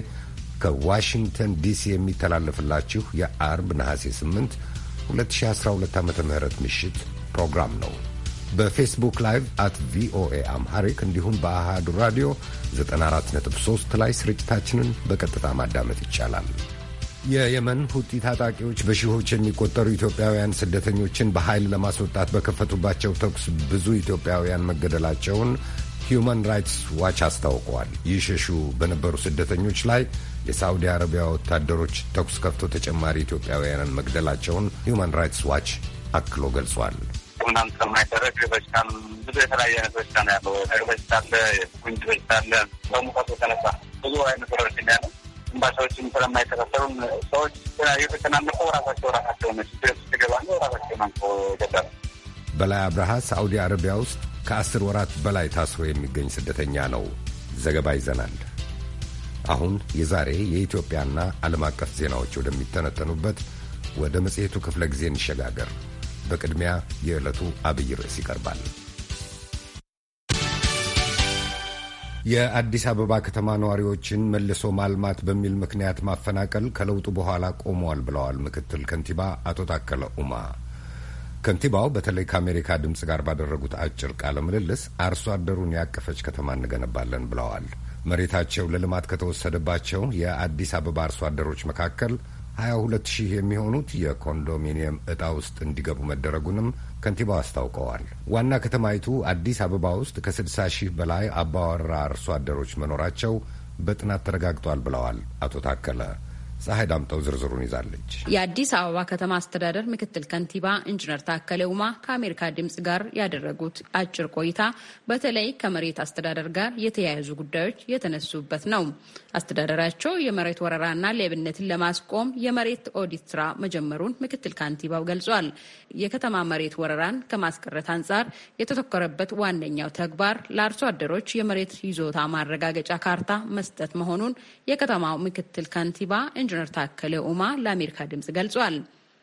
ከዋሽንግተን ዲሲ የሚተላለፍላችሁ የአርብ ነሐሴ 8 2012 ዓ ም ምሽት ፕሮግራም ነው። በፌስቡክ ላይቭ አት ቪኦኤ አምሃሪክ እንዲሁም በአሃዱ ራዲዮ 943 ላይ ስርጭታችንን በቀጥታ ማዳመጥ ይቻላል። የየመን ሁቲ ታጣቂዎች በሺዎች የሚቆጠሩ ኢትዮጵያውያን ስደተኞችን በኃይል ለማስወጣት በከፈቱባቸው ተኩስ ብዙ ኢትዮጵያውያን መገደላቸውን ሂዩማን ራይትስ ዋች አስታውቀዋል። ይሸሹ በነበሩ ስደተኞች ላይ የሳዑዲ አረቢያ ወታደሮች ተኩስ ከፍቶ ተጨማሪ ኢትዮጵያውያንን መግደላቸውን ሂዩማን ራይትስ ዋች አክሎ ገልጿል። ምናም ስለማይደረግ ብዙ የተለያየ አይነት በሽታ ነው ያለው። በሽታ አለ፣ ጉንጅ በሽታ አለ። በሙቀቱ የተነሳ ብዙ አይነት ረርሽኛ ነው ግንባታዎችን ስለማይተሳሰሩም ሰዎች የተጨናነቁ ራሳቸው ራሳቸው ነች ገባሉ ራሳቸው ናንቆ ገባ በላይ አብርሃ ሳዑዲ አረቢያ ውስጥ ከአስር ወራት በላይ ታስሮ የሚገኝ ስደተኛ ነው። ዘገባ ይዘናል። አሁን የዛሬ የኢትዮጵያና ዓለም አቀፍ ዜናዎች ወደሚተነተኑበት ወደ መጽሔቱ ክፍለ ጊዜ እንሸጋገር። በቅድሚያ የዕለቱ አብይ ርዕስ ይቀርባል። የአዲስ አበባ ከተማ ነዋሪዎችን መልሶ ማልማት በሚል ምክንያት ማፈናቀል ከለውጡ በኋላ ቆመዋል ብለዋል ምክትል ከንቲባ አቶ ታከለ ኡማ። ከንቲባው በተለይ ከአሜሪካ ድምፅ ጋር ባደረጉት አጭር ቃለ ምልልስ አርሶ አደሩን ያቀፈች ከተማ እንገነባለን ብለዋል። መሬታቸው ለልማት ከተወሰደባቸው የአዲስ አበባ አርሶ አደሮች መካከል ሀያ ሁለት ሺህ የሚሆኑት የኮንዶሚኒየም ዕጣ ውስጥ እንዲገቡ መደረጉንም ከንቲባው አስታውቀዋል። ዋና ከተማይቱ አዲስ አበባ ውስጥ ከስድሳ ሺህ በላይ አባወራ አርሶ አደሮች መኖራቸው በጥናት ተረጋግጧል ብለዋል አቶ ታከለ። ፀሐይ ዳምጠው ዝርዝሩን ይዛለች። የአዲስ አበባ ከተማ አስተዳደር ምክትል ከንቲባ ኢንጂነር ታከለ ውማ ከአሜሪካ ድምጽ ጋር ያደረጉት አጭር ቆይታ በተለይ ከመሬት አስተዳደር ጋር የተያያዙ ጉዳዮች የተነሱበት ነው። አስተዳደራቸው የመሬት ወረራና ሌብነትን ለማስቆም የመሬት ኦዲት ስራ መጀመሩን ምክትል ካንቲባው ገልጿል። የከተማ መሬት ወረራን ከማስቀረት አንጻር የተተኮረበት ዋነኛው ተግባር ለአርሶ አደሮች የመሬት ይዞታ ማረጋገጫ ካርታ መስጠት መሆኑን የከተማው ምክትል ካንቲባ ኢንጂነር ታከለ ኡማ ለአሜሪካ ድምጽ ገልጿል።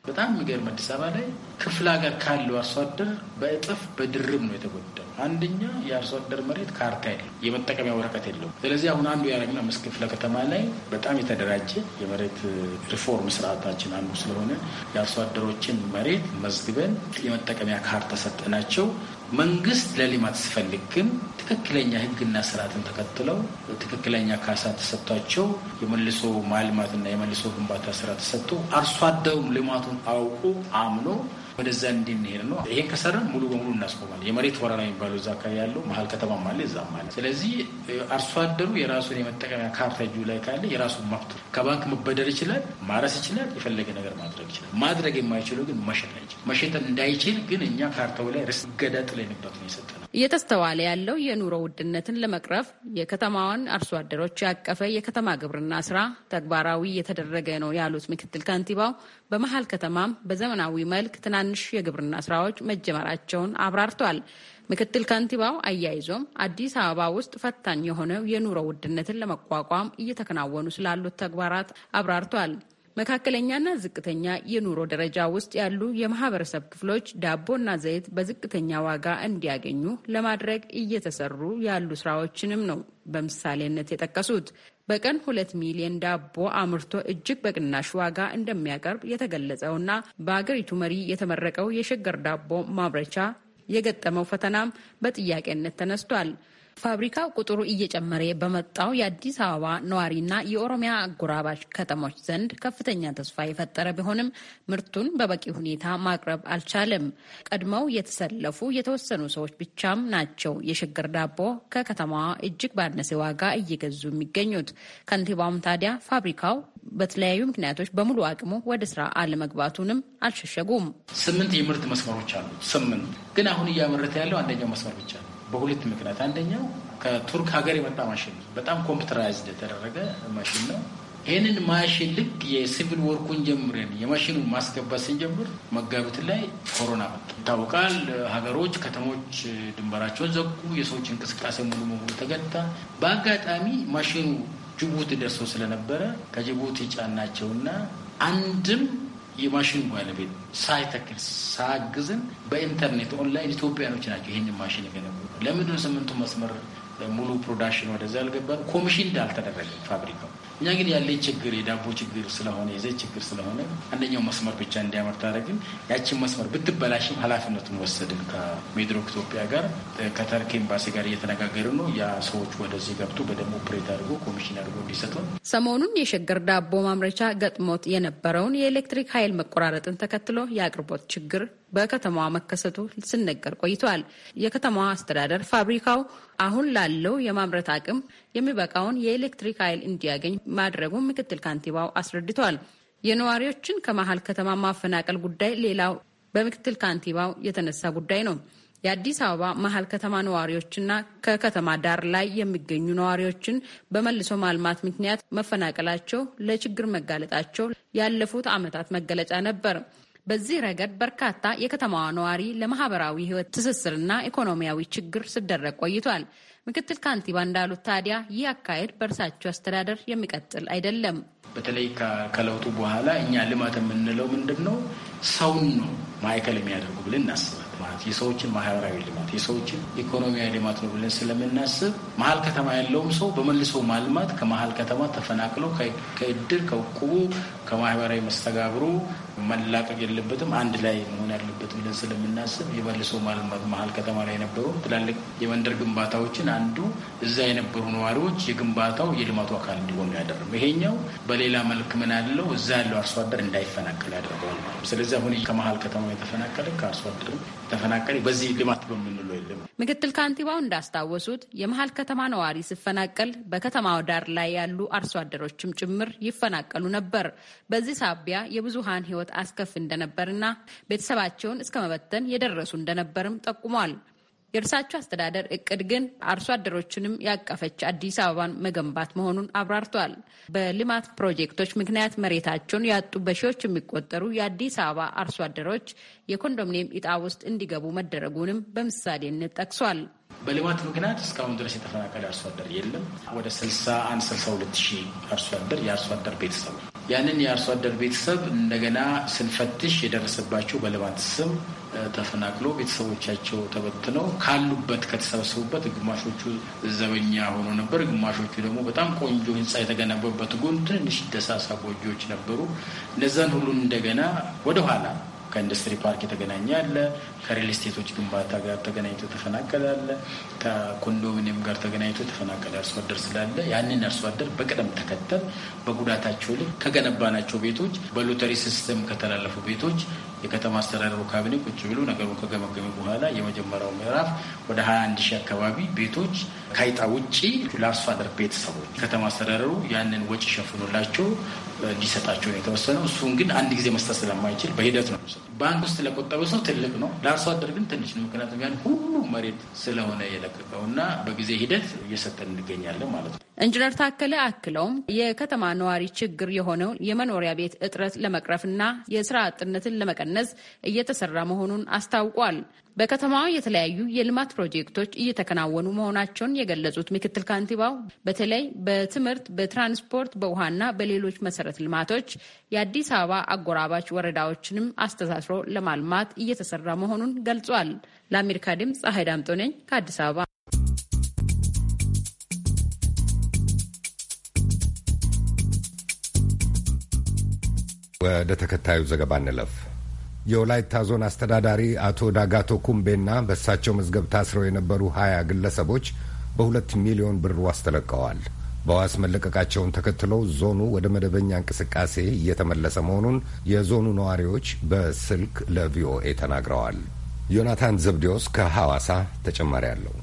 በጣም የሚገርም አዲስ አበባ ላይ ክፍለ ሀገር ካለው አርሶ አደር በእጥፍ በድርብ ነው የተጎዳው። አንደኛ የአርሶ አደር መሬት ካርታ የለው፣ የመጠቀሚያ ወረቀት የለው። ስለዚህ አሁን አንዱ ያደረግነው አምስት ክፍለ ከተማ ላይ በጣም የተደራጀ የመሬት ሪፎርም ስርዓታችን አንዱ ስለሆነ የአርሶ አደሮችን መሬት መዝግበን የመጠቀሚያ ካርታ ሰጠናቸው። መንግስት ለልማት ሲፈልግ ግን ትክክለኛ ህግና ስርዓትን ተከትለው ትክክለኛ ካሳ ተሰጥቷቸው የመልሶ ማልማትና የመልሶ ግንባታ ስራ ተሰጥቶ አርሶ አደሩ ልማቱን አውቁ አምኖ ወደዛ እንድንሄድ ነው። ይሄን ከሰራ ሙሉ በሙሉ እናስቆማል። የመሬት ወረራ የሚባለው እዛ አካባቢ ያለው መሀል ከተማ አለ እዛ አለ። ስለዚህ አርሶ አደሩ የራሱን የመጠቀሚያ ካርታ እጁ ላይ ካለ የራሱን መብት ከባንክ መበደር ይችላል፣ ማረስ ይችላል፣ የፈለገ ነገር ማድረግ ይችላል። ማድረግ የማይችለው ግን መሸጥ አይችል። መሸጥ እንዳይችል ግን እኛ ካርታው ላይ ርስ ገዳ ጥለንበት ነው የሰጠነው። እየተስተዋለ ያለው የኑሮ ውድነትን ለመቅረፍ የከተማዋን አርሶ አደሮች ያቀፈ የከተማ ግብርና ስራ ተግባራዊ እየተደረገ ነው ያሉት ምክትል ከንቲባው በመሀል ከተማም በዘመናዊ መልክ ትናንሽ የግብርና ስራዎች መጀመራቸውን አብራርቷል። ምክትል ከንቲባው አያይዞም አዲስ አበባ ውስጥ ፈታኝ የሆነው የኑሮ ውድነትን ለመቋቋም እየተከናወኑ ስላሉት ተግባራት አብራርቷል። መካከለኛና ዝቅተኛ የኑሮ ደረጃ ውስጥ ያሉ የማህበረሰብ ክፍሎች ዳቦና ዘይት በዝቅተኛ ዋጋ እንዲያገኙ ለማድረግ እየተሰሩ ያሉ ስራዎችንም ነው በምሳሌነት የጠቀሱት። በቀን ሁለት ሚሊዮን ዳቦ አምርቶ እጅግ በቅናሽ ዋጋ እንደሚያቀርብ የተገለጸውና በአገሪቱ መሪ የተመረቀው የሸገር ዳቦ ማምረቻ የገጠመው ፈተናም በጥያቄነት ተነስቷል። ፋብሪካው ቁጥሩ እየጨመረ በመጣው የአዲስ አበባ ነዋሪና የኦሮሚያ አጎራባች ከተሞች ዘንድ ከፍተኛ ተስፋ የፈጠረ ቢሆንም ምርቱን በበቂ ሁኔታ ማቅረብ አልቻለም። ቀድመው የተሰለፉ የተወሰኑ ሰዎች ብቻም ናቸው የሽግር ዳቦ ከከተማዋ እጅግ ባነሰ ዋጋ እየገዙ የሚገኙት። ከንቲባውም ታዲያ ፋብሪካው በተለያዩ ምክንያቶች በሙሉ አቅሙ ወደ ስራ አለመግባቱንም አልሸሸጉም። ስምንት የምርት መስመሮች አሉ። ስምንት ግን አሁን እያመረተ ያለው አንደኛው መስመር ብቻ ነው። በሁለት ምክንያት፣ አንደኛው ከቱርክ ሀገር የመጣ ማሽን ነው። በጣም ኮምፒውተራይዝድ የተደረገ ማሽን ነው። ይህንን ማሽን ልክ የሲቪል ወርኩን ጀምረን የማሽኑ ማስገባት ስንጀምር መጋቢት ላይ ኮሮና መጣ። ይታወቃል። ሀገሮች፣ ከተሞች ድንበራቸውን ዘጉ። የሰዎች እንቅስቃሴ ሙሉ በሙሉ ተገታ። በአጋጣሚ ማሽኑ ጅቡቲ ደርሶ ስለነበረ ከጅቡቲ ጫናቸውና አንድም የማሽን ባለቤት ሳይተክል ሳያግዝን በኢንተርኔት ኦንላይን ኢትዮጵያኖች ናቸው ይህን ማሽን የገነቡ። ለምንድን ስምንቱ መስመር ሙሉ ፕሮዳክሽን ወደዛ ያልገባ ኮሚሽን እንዳልተደረገ ፋብሪካው እኛ ግን ያለ ችግር የዳቦ ችግር ስለሆነ የዘይት ችግር ስለሆነ አንደኛው መስመር ብቻ እንዲያመርት አደረግን። ያችን መስመር ብትበላሽም ኃላፊነቱን ወሰድን። ከሜድሮክ ኢትዮጵያ ጋር ከተርክ ኤምባሲ ጋር እየተነጋገርን ነው። ያ ሰዎች ወደዚህ ገብቶ በደሞ ኦፕሬት አድርጎ ኮሚሽን አድርጎ እንዲሰጡን። ሰሞኑን የሸገር ዳቦ ማምረቻ ገጥሞት የነበረውን የኤሌክትሪክ ኃይል መቆራረጥን ተከትሎ የአቅርቦት ችግር በከተማዋ መከሰቱ ሲነገር ቆይቷል። የከተማዋ አስተዳደር ፋብሪካው አሁን ላለው የማምረት አቅም የሚበቃውን የኤሌክትሪክ ኃይል እንዲያገኝ ማድረጉን ምክትል ካንቲባው አስረድቷል። የነዋሪዎችን ከመሀል ከተማ ማፈናቀል ጉዳይ ሌላው በምክትል ካንቲባው የተነሳ ጉዳይ ነው። የአዲስ አበባ መሀል ከተማ ነዋሪዎችና ከከተማ ዳር ላይ የሚገኙ ነዋሪዎችን በመልሶ ማልማት ምክንያት መፈናቀላቸው ለችግር መጋለጣቸው ያለፉት ዓመታት መገለጫ ነበር። በዚህ ረገድ በርካታ የከተማዋ ነዋሪ ለማህበራዊ ህይወት ትስስርና ኢኮኖሚያዊ ችግር ሲደረግ ቆይቷል። ምክትል ካንቲባ እንዳሉት ታዲያ ይህ አካሄድ በእርሳቸው አስተዳደር የሚቀጥል አይደለም። በተለይ ከለውጡ በኋላ እኛ ልማት የምንለው ምንድን ነው? ሰውን ነው ማዕከል የሚያደርጉ ብለን እናስባል ልማት፣ የሰዎችን ማህበራዊ ልማት፣ የሰዎችን ኢኮኖሚያዊ ልማት ነው ብለን ስለምናስብ መሀል ከተማ ያለውም ሰው በመልሶ ማልማት ከመሀል ከተማ ተፈናቅሎ ከእድር ከእቁቡ ከማህበራዊ መስተጋብሩ መላቀቅ የለበትም፣ አንድ ላይ መሆን ያለበት ብለን ስለምናስብ የመልሶ ማልማት መሀል ከተማ ላይ የነበሩ ትላልቅ የመንደር ግንባታዎችን አንዱ እዛ የነበሩ ነዋሪዎች የግንባታው የልማቱ አካል እንዲሆኑ ያደርም። ይሄኛው በሌላ መልክ ምን አለው እዛ ያለው አርሶ አደር እንዳይፈናቀል ያደርገዋል። ስለዚህ አሁን ከመሀል ከተማ የተፈናቀለ ከአርሶ አደርም ተፈናቀል በዚህ ልማት በምንለው የለም። ምክትል ከንቲባው እንዳስታወሱት የመሀል ከተማ ነዋሪ ሲፈናቀል በከተማው ዳር ላይ ያሉ አርሶ አደሮችም ጭምር ይፈናቀሉ ነበር። በዚህ ሳቢያ የብዙሀን ህይወት አስከፊ እንደነበርና ቤተሰባቸውን እስከ መበተን የደረሱ እንደነበርም ጠቁሟል። የእርሳቸው አስተዳደር እቅድ ግን አርሶ አደሮችንም ያቀፈች አዲስ አበባን መገንባት መሆኑን አብራርተዋል። በልማት ፕሮጀክቶች ምክንያት መሬታቸውን ያጡ በሺዎች የሚቆጠሩ የአዲስ አበባ አርሶ አደሮች የኮንዶሚኒየም ዕጣ ውስጥ እንዲገቡ መደረጉንም በምሳሌነት ጠቅሷል። በልማት ምክንያት እስካሁን ድረስ የተፈናቀለ አርሶ አደር የለም። ወደ 61 62 ሺህ አርሶ አደር የአርሶ አደር ቤተሰብ ያንን የአርሶ አደር ቤተሰብ እንደገና ስንፈትሽ የደረሰባቸው በልማት ስም ተፈናቅሎ ቤተሰቦቻቸው ተበትነው ካሉበት ከተሰበሰቡበት ግማሾቹ ዘበኛ ሆኖ ነበር። ግማሾቹ ደግሞ በጣም ቆንጆ ሕንፃ የተገነበበት ጎን ትንሽ ደሳሳ ጎጆዎች ነበሩ። እነዛን ሁሉን እንደገና ወደኋላ ከኢንዱስትሪ ፓርክ የተገናኘ አለ፣ ከሪል ስቴቶች ግንባታ ጋር ተገናኝቶ ተፈናቀለ ከኮንዶሚኒየም ጋር ተገናኝቶ ተፈናቀለ አርሶ አደር ስላለ ያንን አርሶ አደር በቅደም ተከተል በጉዳታቸው ልክ ከገነባናቸው ቤቶች በሎተሪ ሲስተም ከተላለፉ ቤቶች የከተማ አስተዳደሩ ካቢኔ ቁጭ ብሎ ነገሩን ከገመገመ በኋላ የመጀመሪያው ምዕራፍ ወደ 21 ሺህ አካባቢ ቤቶች ካይጣ ውጭ ለአርሶ አደር ቤተሰቦች ከተማ አስተዳደሩ ያንን ወጪ ሸፍኖላቸው እንዲሰጣቸው ነው የተወሰነው። እሱን ግን አንድ ጊዜ መስጠት ስለማይችል በሂደት ነው። ባንክ ውስጥ ለቆጠበ ሰው ትልቅ ነው። ለአርሶ አደር ግን ትንሽ ነው። ምክንያቱም ያን ሁሉ መሬት ስለሆነ የለቀቀው እና በጊዜ ሂደት እየሰጠን እንገኛለን ማለት ነው። ኢንጂነር ታከለ አክለውም የከተማ ነዋሪ ችግር የሆነው የመኖሪያ ቤት እጥረት ለመቅረፍና የስራ አጥነትን ለመቀነስ እየተሰራ መሆኑን አስታውቋል። በከተማው የተለያዩ የልማት ፕሮጀክቶች እየተከናወኑ መሆናቸውን የገለጹት ምክትል ካንቲባው በተለይ በትምህርት፣ በትራንስፖርት፣ በውሃና በሌሎች መሰረተ ልማቶች የአዲስ አበባ አጎራባች ወረዳዎችንም አስተሳስሮ ለማልማት እየተሰራ መሆኑን ገልጿል። ለአሜሪካ ድምፅ ፀሐይ ዳምጦ ነኝ ከአዲስ አበባ። ወደ ተከታዩ ዘገባ እንለፍ። የወላይታ ዞን አስተዳዳሪ አቶ ዳጋቶ ኩምቤና በእሳቸው መዝገብ ታስረው የነበሩ ሀያ ግለሰቦች በሁለት ሚሊዮን ብር ዋስ ተለቀዋል። በዋስ መለቀቃቸውን ተከትሎ ዞኑ ወደ መደበኛ እንቅስቃሴ እየተመለሰ መሆኑን የዞኑ ነዋሪዎች በስልክ ለቪኦኤ ተናግረዋል። ዮናታን ዘብዴዎስ ከሐዋሳ ተጨማሪ አለው።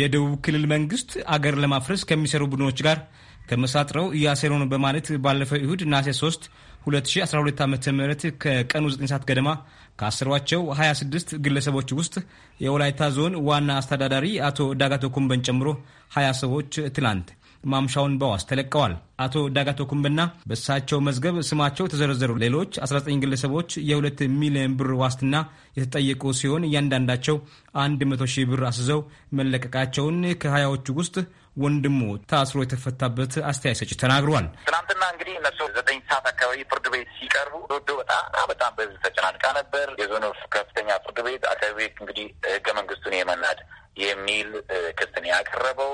የደቡብ ክልል መንግስት አገር ለማፍረስ ከሚሰሩ ቡድኖች ጋር ከመሳጥረው እያሴሮን በማለት ባለፈው ይሁድ ናሴ 3 2012 ዓ ም ከቀኑ 9 ሰዓት ገደማ ከአስሯቸው 26 ግለሰቦች ውስጥ የወላይታ ዞን ዋና አስተዳዳሪ አቶ ዳጋቶ ኩምበን ጨምሮ 20 ሰዎች ትላንት ማምሻውን በዋስ ተለቀዋል። አቶ ዳጋቶ ኩምብና በእሳቸው መዝገብ ስማቸው ተዘረዘሩ ሌሎች 19 ግለሰቦች የሁለት ሚሊዮን ብር ዋስትና የተጠየቁ ሲሆን እያንዳንዳቸው 100 ሺህ ብር አስዘው መለቀቃቸውን ከሀያዎቹ ውስጥ ወንድሙ ታስሮ የተፈታበት አስተያየት ሰጪ ተናግሯል። ትናንትና እንግዲህ እነሱ ዘጠኝ ሰዓት አካባቢ ፍርድ ቤት ሲቀርቡ ዶዶ በጣም በጣም በህዝብ ተጨናንቃ ነበር። የዞኑ ከፍተኛ ፍርድ ቤት አካባቢ እንግዲህ ህገ መንግስቱን የመናድ የሚል ክስን ያቀረበው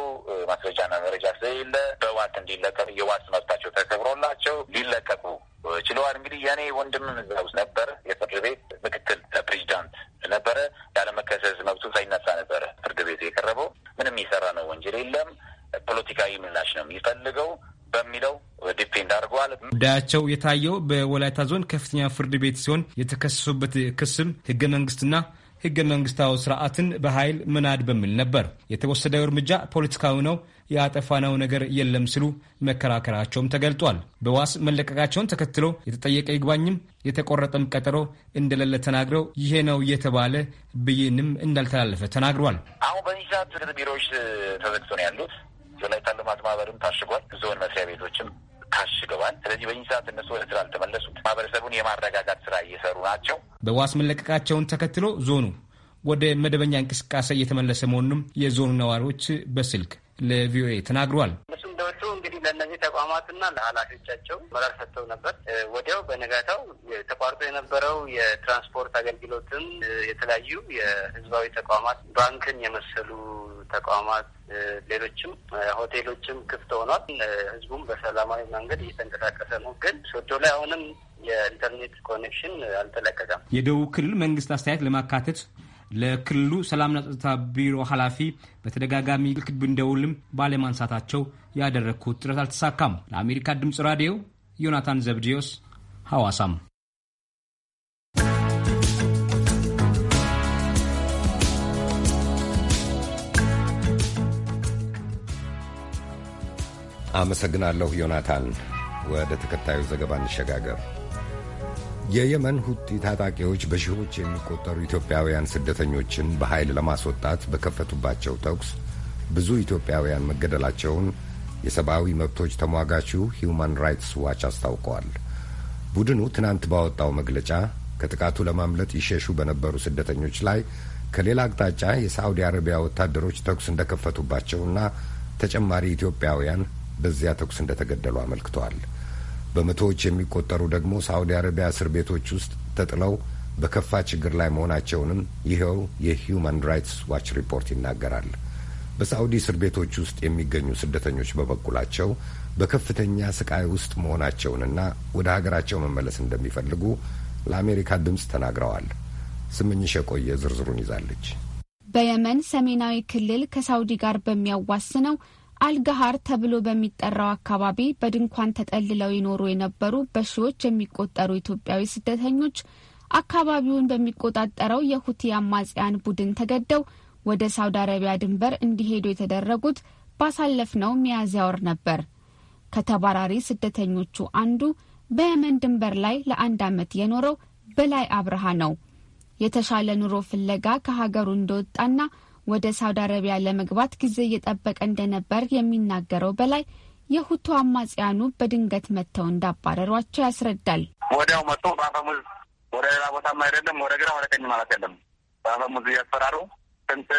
ማስረጃና መረጃ ስለሌለ በዋት እንዲለቀቁ የዋስ መብታቸው ተከብሮላቸው ሊለቀቁ ችለዋል። እንግዲህ የእኔ ወንድም እዛ ውስጥ ነበር። የፍርድ ቤት ምክትል ፕሬዚዳንት ነበረ። ያለመከሰስ መብቱ ሳይነሳ ነበረ ፍርድ ቤቱ የቀረበው። ምንም የሰራ ነው ወንጀል የለም ፖለቲካዊ ምላሽ ነው የሚፈልገው በሚለው ዲፔንድ አድርገዋል። ጉዳያቸው የታየው በወላይታ ዞን ከፍተኛ ፍርድ ቤት ሲሆን የተከሰሱበት ክስም ህገ መንግስትና ህገ መንግስታዊ ስርዓትን በኃይል ምናድ በሚል ነበር። የተወሰደው እርምጃ ፖለቲካዊ ነው፣ ያጠፋነው ነገር የለም ሲሉ መከራከራቸውም ተገልጧል። በዋስ መለቀቃቸውን ተከትሎ የተጠየቀ ይግባኝም የተቆረጠም ቀጠሮ እንደሌለ ተናግረው ይሄ ነው የተባለ ብይንም እንዳልተላለፈ ተናግሯል። አሁን በዚህ ሰዓት ቢሮዎች ተዘግቶ ነው ያሉት። የወላይታ ልማት ማህበርም ታሽጓል። ዞን መስሪያ ቤቶችም ታሽገዋል። ስለዚህ በዚህ ሰዓት እነሱ ወደ ስራ አልተመለሱት ማህበረሰቡን የማረጋጋት ስራ እየሰሩ ናቸው። በዋስ መለቀቃቸውን ተከትሎ ዞኑ ወደ መደበኛ እንቅስቃሴ እየተመለሰ መሆኑንም የዞኑ ነዋሪዎች በስልክ ለቪኦኤ ተናግሯል። እነሱ እንደወጡ እንግዲህ ለእነዚህ ተቋማትና ለኃላፊዎቻቸው መራር ሰጥተው ነበር። ወዲያው በነጋታው ተቋርጦ የነበረው የትራንስፖርት አገልግሎትም የተለያዩ የህዝባዊ ተቋማት ባንክን የመሰሉ ተቋማት፣ ሌሎችም ሆቴሎችም ክፍት ሆኗል። ህዝቡም በሰላማዊ መንገድ እየተንቀሳቀሰ ነው። ግን ሶዶ ላይ አሁንም የኢንተርኔት ኮኔክሽን አልተለቀቀም። የደቡብ ክልል መንግስት አስተያየት ለማካተት ለክልሉ ሰላምና ጸጥታ ቢሮ ኃላፊ በተደጋጋሚ ልክ ብንደውልም ባለማንሳታቸው ያደረግኩት ጥረት አልተሳካም። ለአሜሪካ ድምፅ ራዲዮ ዮናታን ዘብዲዮስ ሐዋሳም አመሰግናለሁ ዮናታን። ወደ ተከታዩ ዘገባ እንሸጋገር። የየመን ሁቲ ታጣቂዎች በሺዎች የሚቆጠሩ ኢትዮጵያውያን ስደተኞችን በኃይል ለማስወጣት በከፈቱባቸው ተኩስ ብዙ ኢትዮጵያውያን መገደላቸውን የሰብአዊ መብቶች ተሟጋቹ ሂውማን ራይትስ ዋች አስታውቀዋል። ቡድኑ ትናንት ባወጣው መግለጫ ከጥቃቱ ለማምለጥ ይሸሹ በነበሩ ስደተኞች ላይ ከሌላ አቅጣጫ የሳዑዲ አረቢያ ወታደሮች ተኩስ እንደከፈቱባቸውና ተጨማሪ ኢትዮጵያውያን በዚያ ተኩስ እንደተገደሉ አመልክተዋል። በመቶዎች የሚቆጠሩ ደግሞ ሳዑዲ አረቢያ እስር ቤቶች ውስጥ ተጥለው በከፋ ችግር ላይ መሆናቸውንም ይኸው የሂዩማን ራይትስ ዋች ሪፖርት ይናገራል። በሳዑዲ እስር ቤቶች ውስጥ የሚገኙ ስደተኞች በበኩላቸው በከፍተኛ ስቃይ ውስጥ መሆናቸውንና ወደ ሀገራቸው መመለስ እንደሚፈልጉ ለአሜሪካ ድምፅ ተናግረዋል። ስምኝሽ የቆየ ዝርዝሩን ይዛለች። በየመን ሰሜናዊ ክልል ከሳውዲ ጋር በሚያዋስነው አልጋሃር ተብሎ በሚጠራው አካባቢ በድንኳን ተጠልለው ይኖሩ የነበሩ በሺዎች የሚቆጠሩ ኢትዮጵያዊ ስደተኞች አካባቢውን በሚቆጣጠረው የሁቲ አማጽያን ቡድን ተገደው ወደ ሳውዲ አረቢያ ድንበር እንዲሄዱ የተደረጉት ባሳለፍነው ሚያዝያ ወር ነበር። ከተባራሪ ስደተኞቹ አንዱ በየመን ድንበር ላይ ለአንድ ዓመት የኖረው በላይ አብርሃ ነው። የተሻለ ኑሮ ፍለጋ ከሀገሩ እንደወጣና ወደ ሳውዲ አረቢያ ለመግባት ጊዜ እየጠበቀ እንደነበር የሚናገረው በላይ የሁቱ አማጽያኑ በድንገት መጥተው እንዳባረሯቸው ያስረዳል። ወዲያው መጥቶ በአፈሙዝ ወደ ሌላ ቦታም አይደለም ወደ ግራ ወደ ቀኝ ማለት ያለም በአፈሙዝ እያስፈራሩ ስንት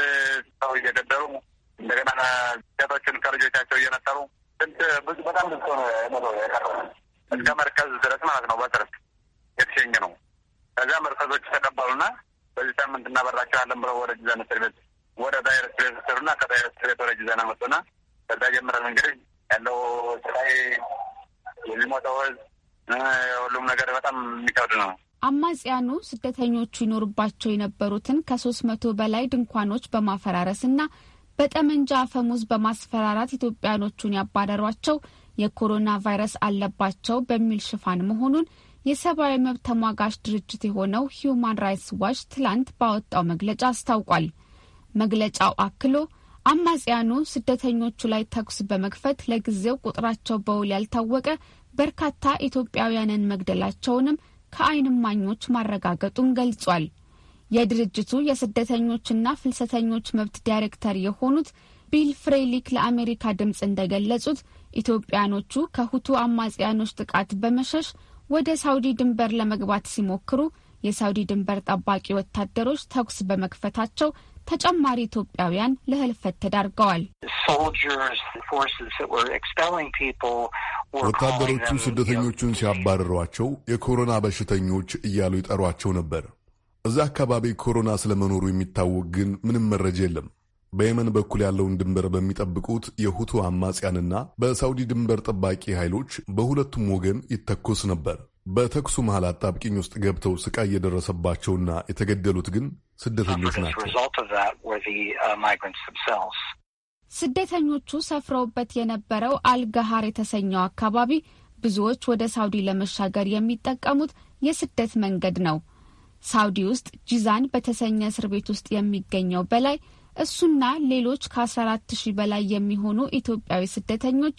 ሰው እየገደሉ እንደገና ሴቶችን ከልጆቻቸው እየነጠሩ ስንት ብዙ በጣም ብዙ ሰው ነው የቀረው እስከ መርከዝ ድረስ ማለት ነው። በስርስ የተሸኘ ነው። ከዚያ መርከዞች ተቀበሉና በዚህ ሳምንት እናበራቸዋለን ብለው ወደ ጊዛነት ቤት ወደ ቫይረስ ሬጅስተሩና ከቫይረስ ረጅዘና ዘና መጡና ከዛ ጀምረን እንግዲህ ያለው ስራይ የሚሞተው ሁሉም ነገር በጣም የሚከብድ ነው። አማጽያኑ ስደተኞቹ ይኖርባቸው የነበሩትን ከሶስት መቶ በላይ ድንኳኖች በማፈራረስ በማፈራረስና በጠመንጃ አፈሙዝ በማስፈራራት ኢትዮጵያኖቹን ያባረሯቸው የኮሮና ቫይረስ አለባቸው በሚል ሽፋን መሆኑን የሰብአዊ መብት ተሟጋች ድርጅት የሆነው ሂዩማን ራይትስ ዋች ትላንት ባወጣው መግለጫ አስታውቋል። መግለጫው አክሎ አማጽያኑ ስደተኞቹ ላይ ተኩስ በመክፈት ለጊዜው ቁጥራቸው በውል ያልታወቀ በርካታ ኢትዮጵያውያንን መግደላቸውንም ከዓይን እማኞች ማረጋገጡን ገልጿል። የድርጅቱ የስደተኞችና ፍልሰተኞች መብት ዳይሬክተር የሆኑት ቢል ፍሬሊክ ለአሜሪካ ድምፅ እንደገለጹት ኢትዮጵያኖቹ ከሁቱ አማጽያኖች ጥቃት በመሸሽ ወደ ሳውዲ ድንበር ለመግባት ሲሞክሩ የሳውዲ ድንበር ጠባቂ ወታደሮች ተኩስ በመክፈታቸው ተጨማሪ ኢትዮጵያውያን ለህልፈት ተዳርገዋል። ወታደሮቹ ስደተኞቹን ሲያባርሯቸው የኮሮና በሽተኞች እያሉ ይጠሯቸው ነበር። እዛ አካባቢ ኮሮና ስለመኖሩ የሚታወቅ ግን ምንም መረጃ የለም። በየመን በኩል ያለውን ድንበር በሚጠብቁት የሁቱ አማጽያንና በሳውዲ ድንበር ጠባቂ ኃይሎች በሁለቱም ወገን ይተኮስ ነበር። በተኩሱ መሃል አጣብቂኝ ውስጥ ገብተው ስቃይ የደረሰባቸውና የተገደሉት ግን ስደተኞች ናቸው። uh, ስደተኞቹ ሰፍረውበት የነበረው አልጋሃር የተሰኘው አካባቢ ብዙዎች ወደ ሳውዲ ለመሻገር የሚጠቀሙት የስደት መንገድ ነው። ሳውዲ ውስጥ ጂዛን በተሰኘ እስር ቤት ውስጥ የሚገኘው በላይ እሱና ሌሎች ከ14 ሺህ በላይ የሚሆኑ ኢትዮጵያዊ ስደተኞች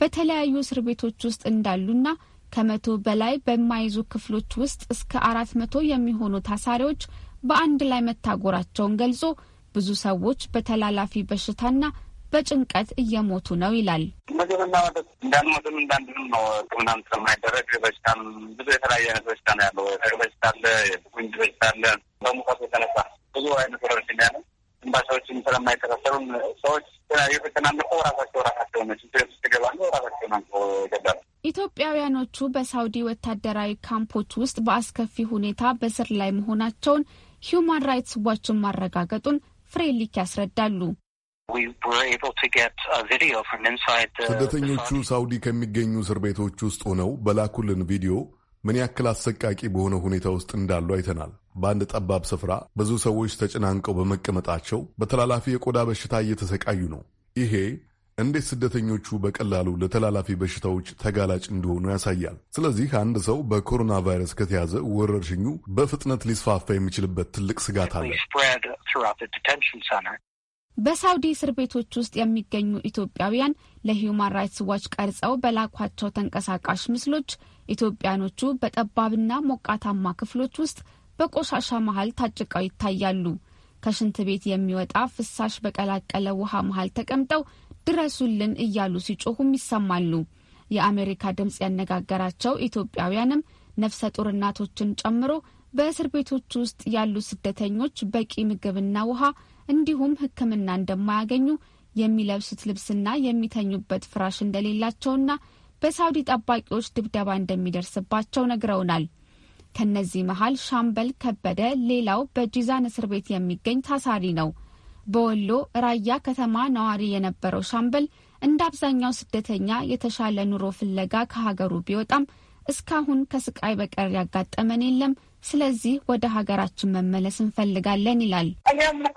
በተለያዩ እስር ቤቶች ውስጥ እንዳሉና ከመቶ በላይ በማይዙ ክፍሎች ውስጥ እስከ አራት መቶ የሚሆኑ ታሳሪዎች በአንድ ላይ መታጎራቸውን ገልጾ ብዙ ሰዎች በተላላፊ በሽታና በጭንቀት እየሞቱ ነው ይላል። ምግብና መጠጥ እንዳንሞትም እንዳንድንም ነው። ሕክምናም ስለማይደረግ በሽታም ብዙ የተለያየ አይነት በሽታ ነው ያለው። በሽታ አለ፣ ጉንጅ በሽታ አለ። በሙቀቱ የተነሳ ብዙ አይነት ወረርሽኝ ያለ እንባሻዎችም ስለማይተከሰሩም ሰዎች የተጨናነቁ ራሳቸው ራሳቸው ነች ውስጥ ይገባሉ። ራሳቸው ናንቆ ይገባሉ። ኢትዮጵያውያኖቹ በሳውዲ ወታደራዊ ካምፖች ውስጥ በአስከፊ ሁኔታ በስር ላይ መሆናቸውን ሂዩማን ራይትስ ዋችን ማረጋገጡን ፍሬሊክ ያስረዳሉ። ስደተኞቹ ሳውዲ ከሚገኙ እስር ቤቶች ውስጥ ሆነው በላኩልን ቪዲዮ ምን ያክል አሰቃቂ በሆነ ሁኔታ ውስጥ እንዳሉ አይተናል። በአንድ ጠባብ ስፍራ ብዙ ሰዎች ተጨናንቀው በመቀመጣቸው በተላላፊ የቆዳ በሽታ እየተሰቃዩ ነው። ይሄ እንዴት ስደተኞቹ በቀላሉ ለተላላፊ በሽታዎች ተጋላጭ እንደሆኑ ያሳያል። ስለዚህ አንድ ሰው በኮሮና ቫይረስ ከተያዘ ወረርሽኙ በፍጥነት ሊስፋፋ የሚችልበት ትልቅ ስጋት አለ። በሳውዲ እስር ቤቶች ውስጥ የሚገኙ ኢትዮጵያውያን ለሂዩማን ራይትስ ዋች ቀርጸው በላኳቸው ተንቀሳቃሽ ምስሎች ኢትዮጵያኖቹ በጠባብና ሞቃታማ ክፍሎች ውስጥ በቆሻሻ መሀል ታጭቀው ይታያሉ። ከሽንት ቤት የሚወጣ ፍሳሽ በቀላቀለ ውሃ መሀል ተቀምጠው ድረሱልን እያሉ ሲጮሁም ይሰማሉ። የአሜሪካ ድምፅ ያነጋገራቸው ኢትዮጵያውያንም ነፍሰ ጡር እናቶችን ጨምሮ በእስር ቤቶች ውስጥ ያሉ ስደተኞች በቂ ምግብና ውሃ እንዲሁም ሕክምና እንደማያገኙ የሚለብሱት ልብስና የሚተኙበት ፍራሽ እንደሌላቸውና በሳውዲ ጠባቂዎች ድብደባ እንደሚደርስባቸው ነግረውናል። ከነዚህ መሀል ሻምበል ከበደ ሌላው በጂዛን እስር ቤት የሚገኝ ታሳሪ ነው። በወሎ ራያ ከተማ ነዋሪ የነበረው ሻምበል እንደ አብዛኛው ስደተኛ የተሻለ ኑሮ ፍለጋ ከሀገሩ ቢወጣም እስካሁን ከስቃይ በቀር ያጋጠመን የለም። ስለዚህ ወደ ሀገራችን መመለስ እንፈልጋለን ይላል። ሀገራችን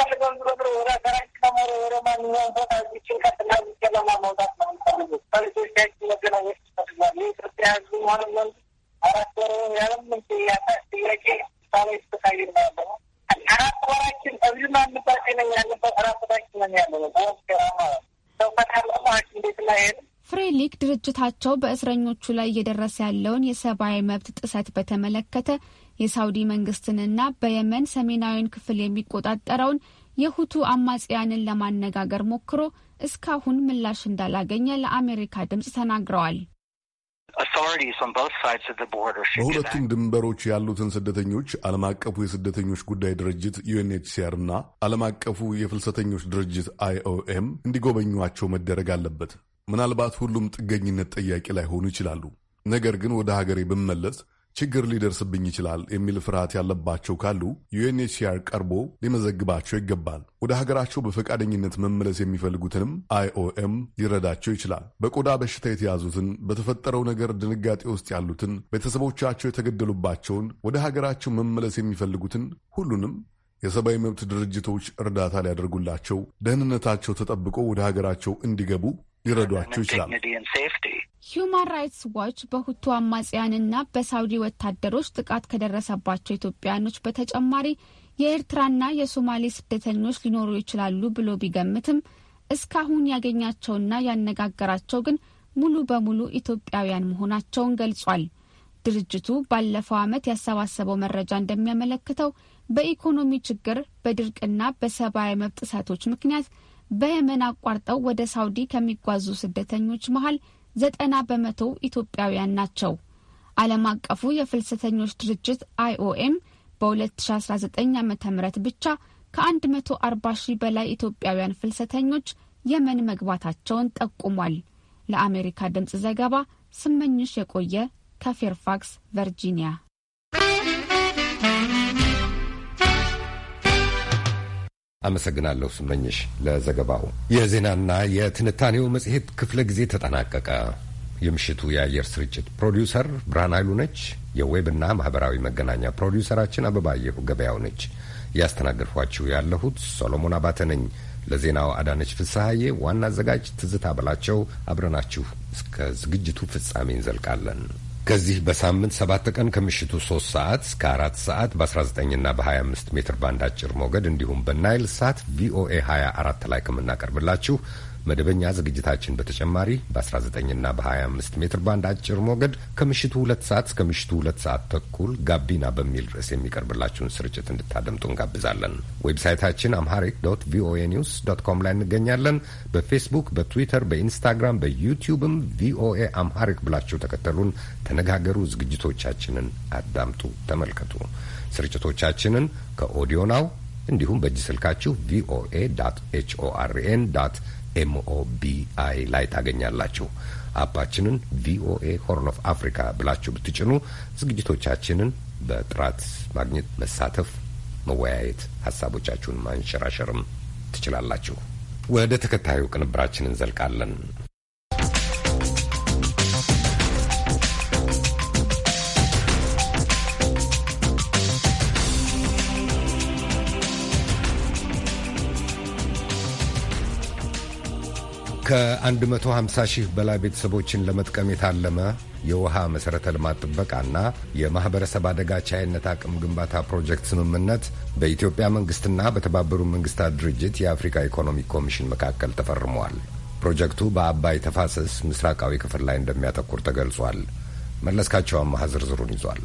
ድርጅታቸው በእስረኞቹ ላይ እየደረሰ ያለውን የሰብአዊ መብት ጥሰት በተመለከተ የሳውዲ መንግስትንና በየመን ሰሜናዊን ክፍል የሚቆጣጠረውን የሁቱ አማጽያንን ለማነጋገር ሞክሮ እስካሁን ምላሽ እንዳላገኘ ለአሜሪካ ድምፅ ተናግረዋል። በሁለቱም ድንበሮች ያሉትን ስደተኞች ዓለም አቀፉ የስደተኞች ጉዳይ ድርጅት ዩኤንኤችሲአር እና ዓለም አቀፉ የፍልሰተኞች ድርጅት አይኦኤም እንዲጎበኟቸው መደረግ አለበት። ምናልባት ሁሉም ጥገኝነት ጠያቂ ላይሆኑ ይችላሉ። ነገር ግን ወደ ሀገሬ ብመለስ ችግር ሊደርስብኝ ይችላል የሚል ፍርሃት ያለባቸው ካሉ ዩኤንኤችሲአር ቀርቦ ሊመዘግባቸው ይገባል። ወደ ሀገራቸው በፈቃደኝነት መመለስ የሚፈልጉትንም አይኦኤም ሊረዳቸው ይችላል። በቆዳ በሽታ የተያዙትን፣ በተፈጠረው ነገር ድንጋጤ ውስጥ ያሉትን፣ ቤተሰቦቻቸው የተገደሉባቸውን፣ ወደ ሀገራቸው መመለስ የሚፈልጉትን ሁሉንም የሰብአዊ መብት ድርጅቶች እርዳታ ሊያደርጉላቸው፣ ደህንነታቸው ተጠብቆ ወደ ሀገራቸው እንዲገቡ ሊረዷቸው ይችላል። ሂውማን ራይትስ ዋች በሁቱ አማጽያንና በሳውዲ ወታደሮች ጥቃት ከደረሰባቸው ኢትዮጵያውያኖች በተጨማሪ የኤርትራና የሶማሌ ስደተኞች ሊኖሩ ይችላሉ ብሎ ቢገምትም እስካሁን ያገኛቸውና ያነጋገራቸው ግን ሙሉ በሙሉ ኢትዮጵያውያን መሆናቸውን ገልጿል። ድርጅቱ ባለፈው ዓመት ያሰባሰበው መረጃ እንደሚያመለክተው በኢኮኖሚ ችግር፣ በድርቅና በሰብአዊ መብት ጥሰቶች ምክንያት በየመን አቋርጠው ወደ ሳውዲ ከሚጓዙ ስደተኞች መሀል ዘጠና በመቶ ኢትዮጵያውያን ናቸው። ዓለም አቀፉ የፍልሰተኞች ድርጅት አይኦኤም በ2019 ዓ ም ብቻ ከ140 ሺህ በላይ ኢትዮጵያውያን ፍልሰተኞች የመን መግባታቸውን ጠቁሟል። ለአሜሪካ ድምፅ ዘገባ ስመኝሽ የቆየ ከፌርፋክስ ቨርጂኒያ አመሰግናለሁ ስመኝሽ ለዘገባው። የዜናና የትንታኔው መጽሔት ክፍለ ጊዜ ተጠናቀቀ። የምሽቱ የአየር ስርጭት ፕሮዲውሰር ብርሃን ኃይሉ ነች። የዌብና ማህበራዊ መገናኛ ፕሮዲውሰራችን አበባየሁ ገበያው ነች። እያስተናገድኳችሁ ያለሁት ሶሎሞን አባተ ነኝ። ለዜናው አዳነች ፍስሐዬ፣ ዋና አዘጋጅ ትዝታ በላቸው። አብረናችሁ እስከ ዝግጅቱ ፍጻሜ እንዘልቃለን። ከዚህ በሳምንት ሰባት ቀን ከምሽቱ ሶስት ሰዓት እስከ አራት ሰዓት በ19ና በ25 ሜትር ባንድ አጭር ሞገድ እንዲሁም በናይል ሳት ቪኦኤ 24 ላይ ከምናቀርብላችሁ መደበኛ ዝግጅታችን በተጨማሪ በ19ና በ25 ሜትር ባንድ አጭር ሞገድ ከምሽቱ ሁለት ሰዓት እስከ ምሽቱ ሁለት ሰዓት ተኩል ጋቢና በሚል ርዕስ የሚቀርብላችሁን ስርጭት እንድታደምጡ እንጋብዛለን። ዌብሳይታችን አምሃሪክ ዶት ቪኦኤ ኒውስ ዶት ኮም ላይ እንገኛለን። በፌስቡክ፣ በትዊተር፣ በኢንስታግራም፣ በዩቲዩብም ቪኦኤ አምሃሪክ ብላችሁ ተከተሉን፣ ተነጋገሩ፣ ዝግጅቶቻችንን አዳምጡ፣ ተመልከቱ። ስርጭቶቻችንን ከኦዲዮ ናው እንዲሁም በእጅ ስልካችሁ ቪኦኤ ዶት ኤችኦአርኤን ኤምኦቢአይ ላይ ታገኛላችሁ። አፓችንን ቪኦኤ ሆርን ኦፍ አፍሪካ ብላችሁ ብትጭኑ ዝግጅቶቻችንን በጥራት ማግኘት፣ መሳተፍ፣ መወያየት፣ ሀሳቦቻችሁን ማንሸራሸርም ትችላላችሁ። ወደ ተከታዩ ቅንብራችን እንዘልቃለን። ከ150 ሺህ በላይ ቤተሰቦችን ለመጥቀም የታለመ የውሃ መሠረተ ልማት ጥበቃና የማኅበረሰብ አደጋ ቻይነት አቅም ግንባታ ፕሮጀክት ስምምነት በኢትዮጵያ መንግሥትና በተባበሩ መንግሥታት ድርጅት የአፍሪካ ኢኮኖሚክ ኮሚሽን መካከል ተፈርሟል። ፕሮጀክቱ በአባይ ተፋሰስ ምስራቃዊ ክፍል ላይ እንደሚያተኩር ተገልጿል። መለስካቸው አማሃ ዝርዝሩን ይዟል።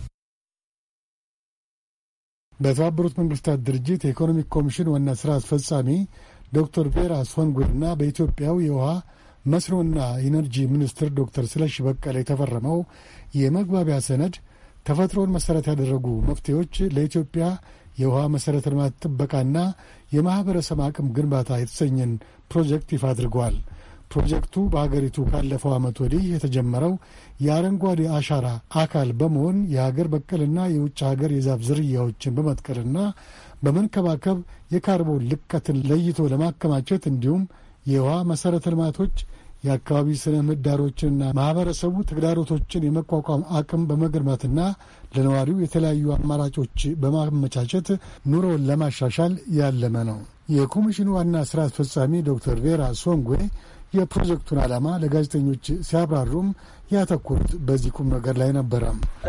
በተባበሩት መንግሥታት ድርጅት የኢኮኖሚክ ኮሚሽን ዋና ሥራ አስፈጻሚ ዶክተር ቤራ ሶንጉድና በኢትዮጵያው የውሃ መስኖና ኢነርጂ ሚኒስትር ዶክተር ስለሺ በቀለ የተፈረመው የመግባቢያ ሰነድ ተፈጥሮን መሠረት ያደረጉ መፍትሄዎች ለኢትዮጵያ የውሃ መሠረተ ልማት ጥበቃና የማኅበረሰብ አቅም ግንባታ የተሰኘን ፕሮጀክት ይፋ አድርጓል። ፕሮጀክቱ በሀገሪቱ ካለፈው ዓመት ወዲህ የተጀመረው የአረንጓዴ አሻራ አካል በመሆን የሀገር በቀልና የውጭ ሀገር የዛፍ ዝርያዎችን በመትከልና በመንከባከብ የካርቦን ልቀትን ለይቶ ለማከማቸት እንዲሁም የውሃ መሠረተ ልማቶች የአካባቢ ስነ ምህዳሮችንና ማህበረሰቡ ተግዳሮቶችን የመቋቋም አቅም በመገንባትና ለነዋሪው የተለያዩ አማራጮች በማመቻቸት ኑሮውን ለማሻሻል ያለመ ነው። የኮሚሽኑ ዋና ስራ አስፈጻሚ ዶክተር ቬራ ሶንጎ የፕሮጀክቱን ዓላማ ለጋዜጠኞች ሲያብራሩም ያተኮሩት በዚህ ቁም ነገር ላይ ነበረ። um,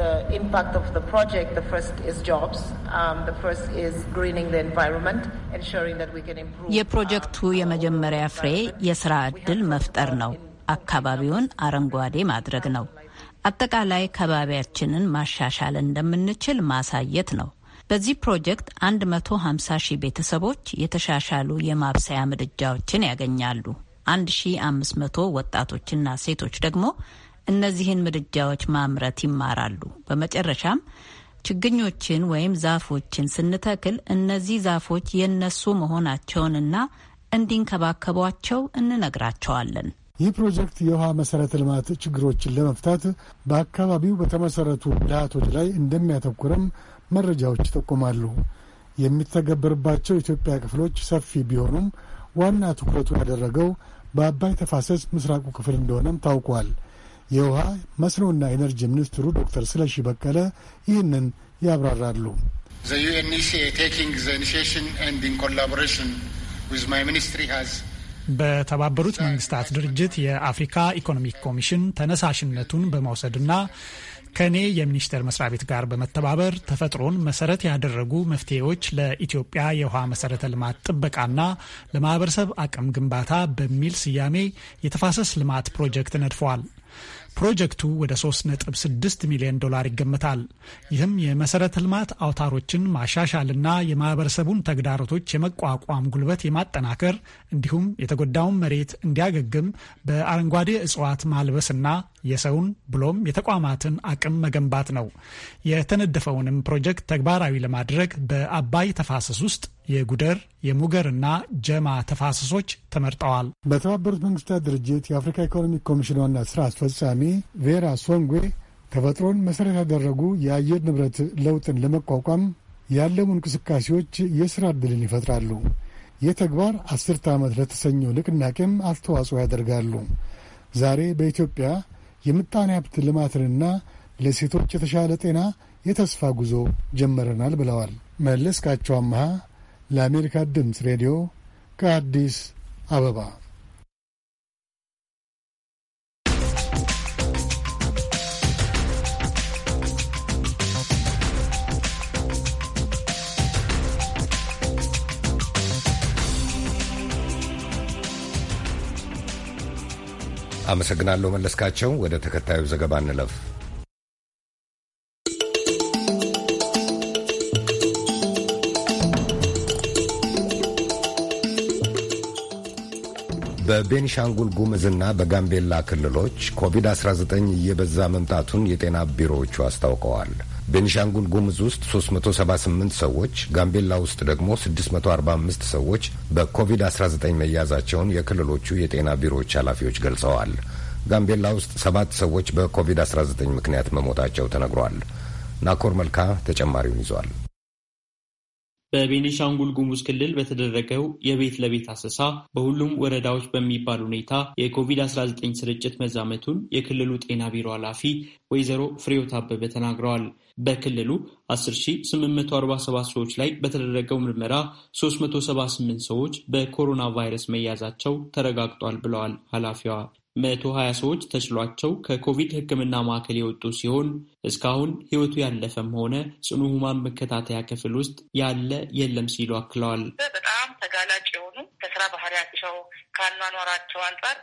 የፕሮጀክቱ የመጀመሪያ ፍሬ የስራ እድል መፍጠር ነው። አካባቢውን አረንጓዴ ማድረግ ነው። አጠቃላይ ከባቢያችንን ማሻሻል እንደምንችል ማሳየት ነው። በዚህ ፕሮጀክት 150 ሺህ ቤተሰቦች የተሻሻሉ የማብሰያ ምድጃዎችን ያገኛሉ። 1500 ወጣቶችና ሴቶች ደግሞ እነዚህን ምድጃዎች ማምረት ይማራሉ። በመጨረሻም ችግኞችን ወይም ዛፎችን ስንተክል እነዚህ ዛፎች የነሱ መሆናቸውንና እንዲንከባከቧቸው እንነግራቸዋለን። ይህ ፕሮጀክት የውሃ መሰረተ ልማት ችግሮችን ለመፍታት በአካባቢው በተመሰረቱ ልሃቶች ላይ እንደሚያተኩርም መረጃዎች ይጠቁማሉ። የሚተገበርባቸው የኢትዮጵያ ክፍሎች ሰፊ ቢሆኑም ዋና ትኩረቱን ያደረገው በአባይ ተፋሰስ ምስራቁ ክፍል እንደሆነም ታውቋል። የውሃ መስኖና ኤነርጂ ሚኒስትሩ ዶክተር ስለሺ በቀለ ይህንን ያብራራሉ። e በተባበሩት መንግስታት ድርጅት የአፍሪካ ኢኮኖሚክ ኮሚሽን ተነሳሽነቱን በመውሰድና ከእኔ የሚኒስቴር መስሪያ ቤት ጋር በመተባበር ተፈጥሮን መሰረት ያደረጉ መፍትሄዎች ለኢትዮጵያ የውሃ መሰረተ ልማት ጥበቃና ለማህበረሰብ አቅም ግንባታ በሚል ስያሜ የተፋሰስ ልማት ፕሮጀክት ነድፈዋል። ፕሮጀክቱ ወደ 3.6 ሚሊዮን ዶላር ይገምታል። ይህም የመሰረተ ልማት አውታሮችን ማሻሻልና የማህበረሰቡን ተግዳሮቶች የመቋቋም ጉልበት የማጠናከር እንዲሁም የተጎዳውን መሬት እንዲያገግም በአረንጓዴ እጽዋት ማልበስና የሰውን ብሎም የተቋማትን አቅም መገንባት ነው። የተነደፈውንም ፕሮጀክት ተግባራዊ ለማድረግ በአባይ ተፋሰስ ውስጥ የጉደር የሙገርና ጀማ ተፋሰሶች ተመርጠዋል። በተባበሩት መንግስታት ድርጅት የአፍሪካ ኢኮኖሚክ ኮሚሽን ዋና ስራ አስፈጻሚ ቬራ ሶንጌ ተፈጥሮን መሠረት ያደረጉ የአየር ንብረት ለውጥን ለመቋቋም ያለሙ እንቅስቃሴዎች የሥራ ዕድልን ይፈጥራሉ። ይህ ተግባር አስርተ ዓመት ለተሰኘው ንቅናቄም አስተዋጽኦ ያደርጋሉ። ዛሬ በኢትዮጵያ የምጣኔ ሀብት ልማትንና ለሴቶች የተሻለ ጤና የተስፋ ጉዞ ጀመረናል ብለዋል። መለስካቸው አመሃ ለአሜሪካ ድምፅ ሬዲዮ ከአዲስ አበባ። አመሰግናለሁ መለስካቸው። ወደ ተከታዩ ዘገባ እንለፍ። በቤኒሻንጉል ጉምዝና በጋምቤላ ክልሎች ኮቪድ-19 እየበዛ መምጣቱን የጤና ቢሮዎቹ አስታውቀዋል። ቤኒሻንጉል ጉምዝ ውስጥ 378 ሰዎች፣ ጋምቤላ ውስጥ ደግሞ 645 ሰዎች በኮቪድ-19 መያዛቸውን የክልሎቹ የጤና ቢሮዎች ኃላፊዎች ገልጸዋል። ጋምቤላ ውስጥ ሰባት ሰዎች በኮቪድ-19 ምክንያት መሞታቸው ተነግሯል። ናኮር መልካ ተጨማሪውን ይዟል። በቤኒሻንጉል ጉሙዝ ክልል በተደረገው የቤት ለቤት አሰሳ በሁሉም ወረዳዎች በሚባል ሁኔታ የኮቪድ-19 ስርጭት መዛመቱን የክልሉ ጤና ቢሮ ኃላፊ ወይዘሮ ፍሬዮት አበበ ተናግረዋል። በክልሉ 10847 ሰዎች ላይ በተደረገው ምርመራ 378 ሰዎች በኮሮና ቫይረስ መያዛቸው ተረጋግጧል ብለዋል ኃላፊዋ። መቶ ሀያ ሰዎች ተችሏቸው ከኮቪድ ሕክምና ማዕከል የወጡ ሲሆን እስካሁን ህይወቱ ያለፈም ሆነ ጽኑ ህሙማን መከታተያ ክፍል ውስጥ ያለ የለም ሲሉ አክለዋል። በጣም ተጋላጭ የሆኑ ከስራ ባህሪያቸው ከአኗኗራቸው አንጻር